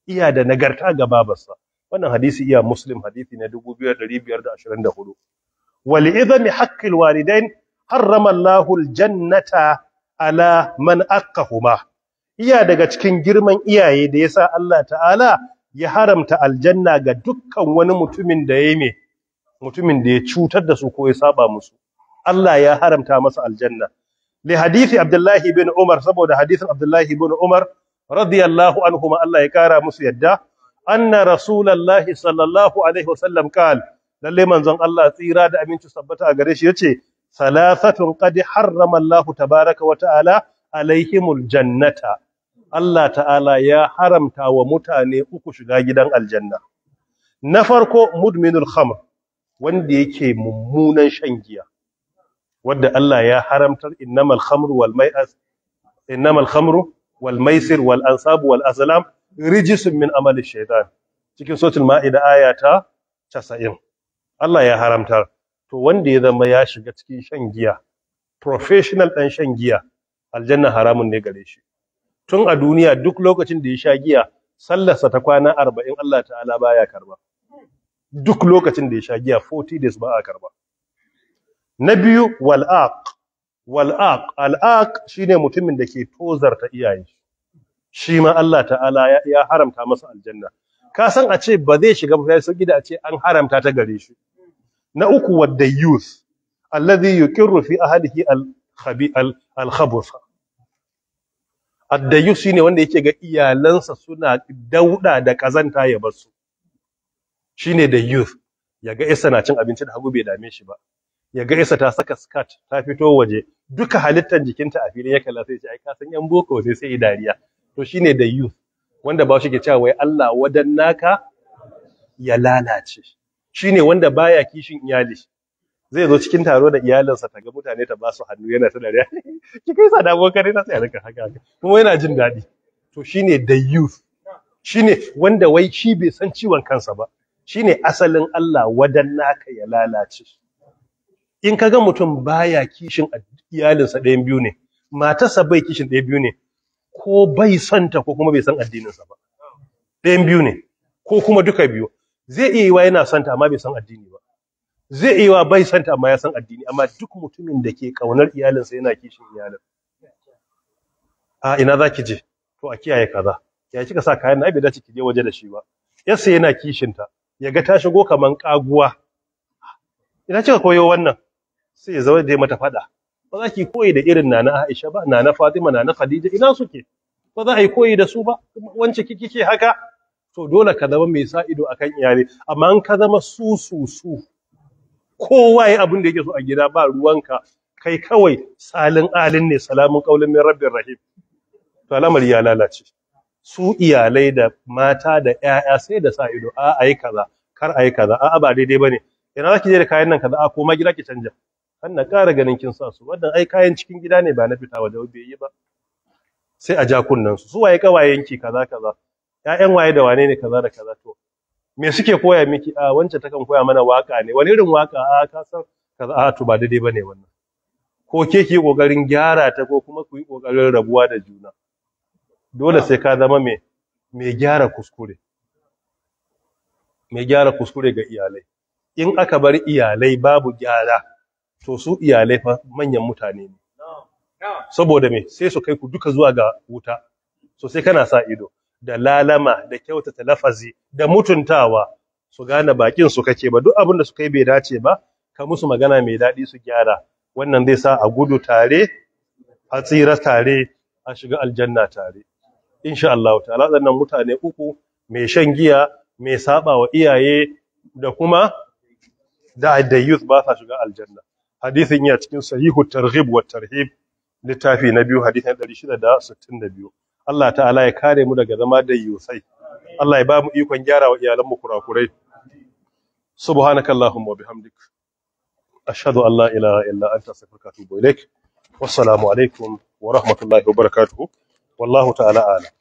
iya da nagarta ga babarsa wannan hadisi iya muslim hadisi na 2524 wal idami haqqil walidain harrama Allahul jannata ala man aqahuma iya daga cikin girman iyaye da yasa Allah ta'ala ya haramta aljanna ga dukkan wani mutumin da ya me mutumin da ya cutar da su ko ya saba musu Allah ya haramta masa aljanna li hadisi Abdullahi bin Umar saboda hadisin Abdullahi bin Umar radiyallahu anhu ma Allah ya kara musu yadda anna rasulullahi sallallahu alaihi wasallam qal lalle manzon Allah tsira da aminci sabbata a gare shi yace salafatun qad harrama Allah tabaaraka wa ta'ala alaihimul jannata Allah ta'ala ya haramta wa mutane uku shiga gidan aljanna na farko mudminul khamr wanda yake mummunan shan giya wanda Allah ya haramtar innamal khamru wal mai'as innamal khamru wal maisir wal ansab wal azlam rijisun min amali shaitan cikin sotul ma'ida aya 90 Allah ya haramtar to wanda ya zama ya shiga cikin shan giya professional dan shan giya aljanna haramun ne gare shi tun a duniya duk lokacin da ya sha giya sallarsa ta kwana arba'in Allah ta'ala baya karba duk lokacin da ya sha giya 40 days ba a karba na biyu Wal'ak al al'aq shine mutumin da ke tozarta iyaye shi ma Allah ta'ala ya haramta masa aljanna ka san a ce ba zai shiga ba sai da a ce an haramta ta gare shi na uku wadda Yus, alladhi yuqirru fi ahlihi al-khabi al addayu shine wanda yake ga iyalansa suna dauda da kazanta ya bar su shine da youth yaga isa na cin abinci da hagu bai dame shi ba yaga isa ta saka skirt ta fito waje duka halittar jikinta a filin ya kalla sai ce ai ka san yan boko sai sai dariya to shine da youth wanda ba shi ke cewa wai Allah wadannaka naka ya lalace shine wanda baya kishin iyali zai zo cikin taro da iyalinsa ta ga mutane ta ba su hannu yana ta dariya ki kai sa da abokan na sai rika haka haka kuma yana jin daɗi to shine the youth shine wanda wai shi bai san ciwon kansa ba shine asalin Allah wadan naka ya lalace in kaga mutum baya kishin iyalinsa ɗayan biyu ne matarsa bai kishin ɗaya biyu ne ko bai santa ko kuma bai san addininsa ba ɗayan biyu ne ko kuma duka biyu zai iya yi wa yana santa amma bai san addini ba zai iya wa bai santa amma ya san addini amma duk mutumin da ke kaunar iyalinsa yana kishin iyalin a ina za ki je to a kiyaye kaza ya kika sa kayan na bai dace ki je waje da shi ba yasa yana kishin ta. ya ga ta shigo kaman kaguwa ina kika koyo wannan sai ya zama da mata fada ba za ki koyi da irin nana Aisha ba nana Fatima nana Khadija ina suke ba za a yi koyi da su ba wance kike haka to dole ka zama mai sa ido akan iyali amma in ka zama su su su kowa ya abin da yake so a gida ba ruwanka kai kawai salin alin ne salamun qaulin min rabin rahim to alamar ya lalace su iyalai da mata da 'ya'ya sai da sa ido a ayi kaza kar ayi kaza a ba daidai bane ina zaki je da kayan nan kaza a koma gida ki canja kan na ƙara ganin kin sa su wannan ai kayan cikin gida ne ba na fita waje bai yi ba sai a ja kunnan su su waye kawayen ki kaza kaza Ya'yan waye da wane ne kaza da kaza to me suke koya miki a ah, wancan takan koya mana waka ne wani irin waka a ah, ka san kaza a ah, to ba daidai bane wannan ko ke ki kokarin gyara ta ko kuma ku yi kokarin rabuwa da juna dole sai ka zama me me gyara kuskure me gyara kuskure ga iyalai in aka bar iyalai babu gyara to su iyalai fa manyan mutane ne saboda me sai su kai ku duka zuwa ga wuta so sai kana sa ido da lalama da kyautata lafazi da mutuntawa su gane bakin su kake ba duk abin da suka yi bai dace ba ka musu magana mai daɗi su gyara wannan zai sa a gudu tare a tsira tare a shiga aljanna tare insha Allah ta'ala waɗannan mutane uku mai shan giya mai saba wa iyaye da kuma da da youth ba sa shiga aljanna hadisin ya cikin sahihu targhib wa tarhib littafi na biyu hadisin 662 Allah ta'ala ya kare mu daga zama da yusai Allah ya ba mu ikon gyara wa iyalan mu kurakurai subhanakallahumma wa bihamdik ashhadu an la ilaha illa anta astaghfiruka wa atubu ilaik wassalamu alaikum wa rahmatullahi wa barakatuh wallahu ta'ala a'lam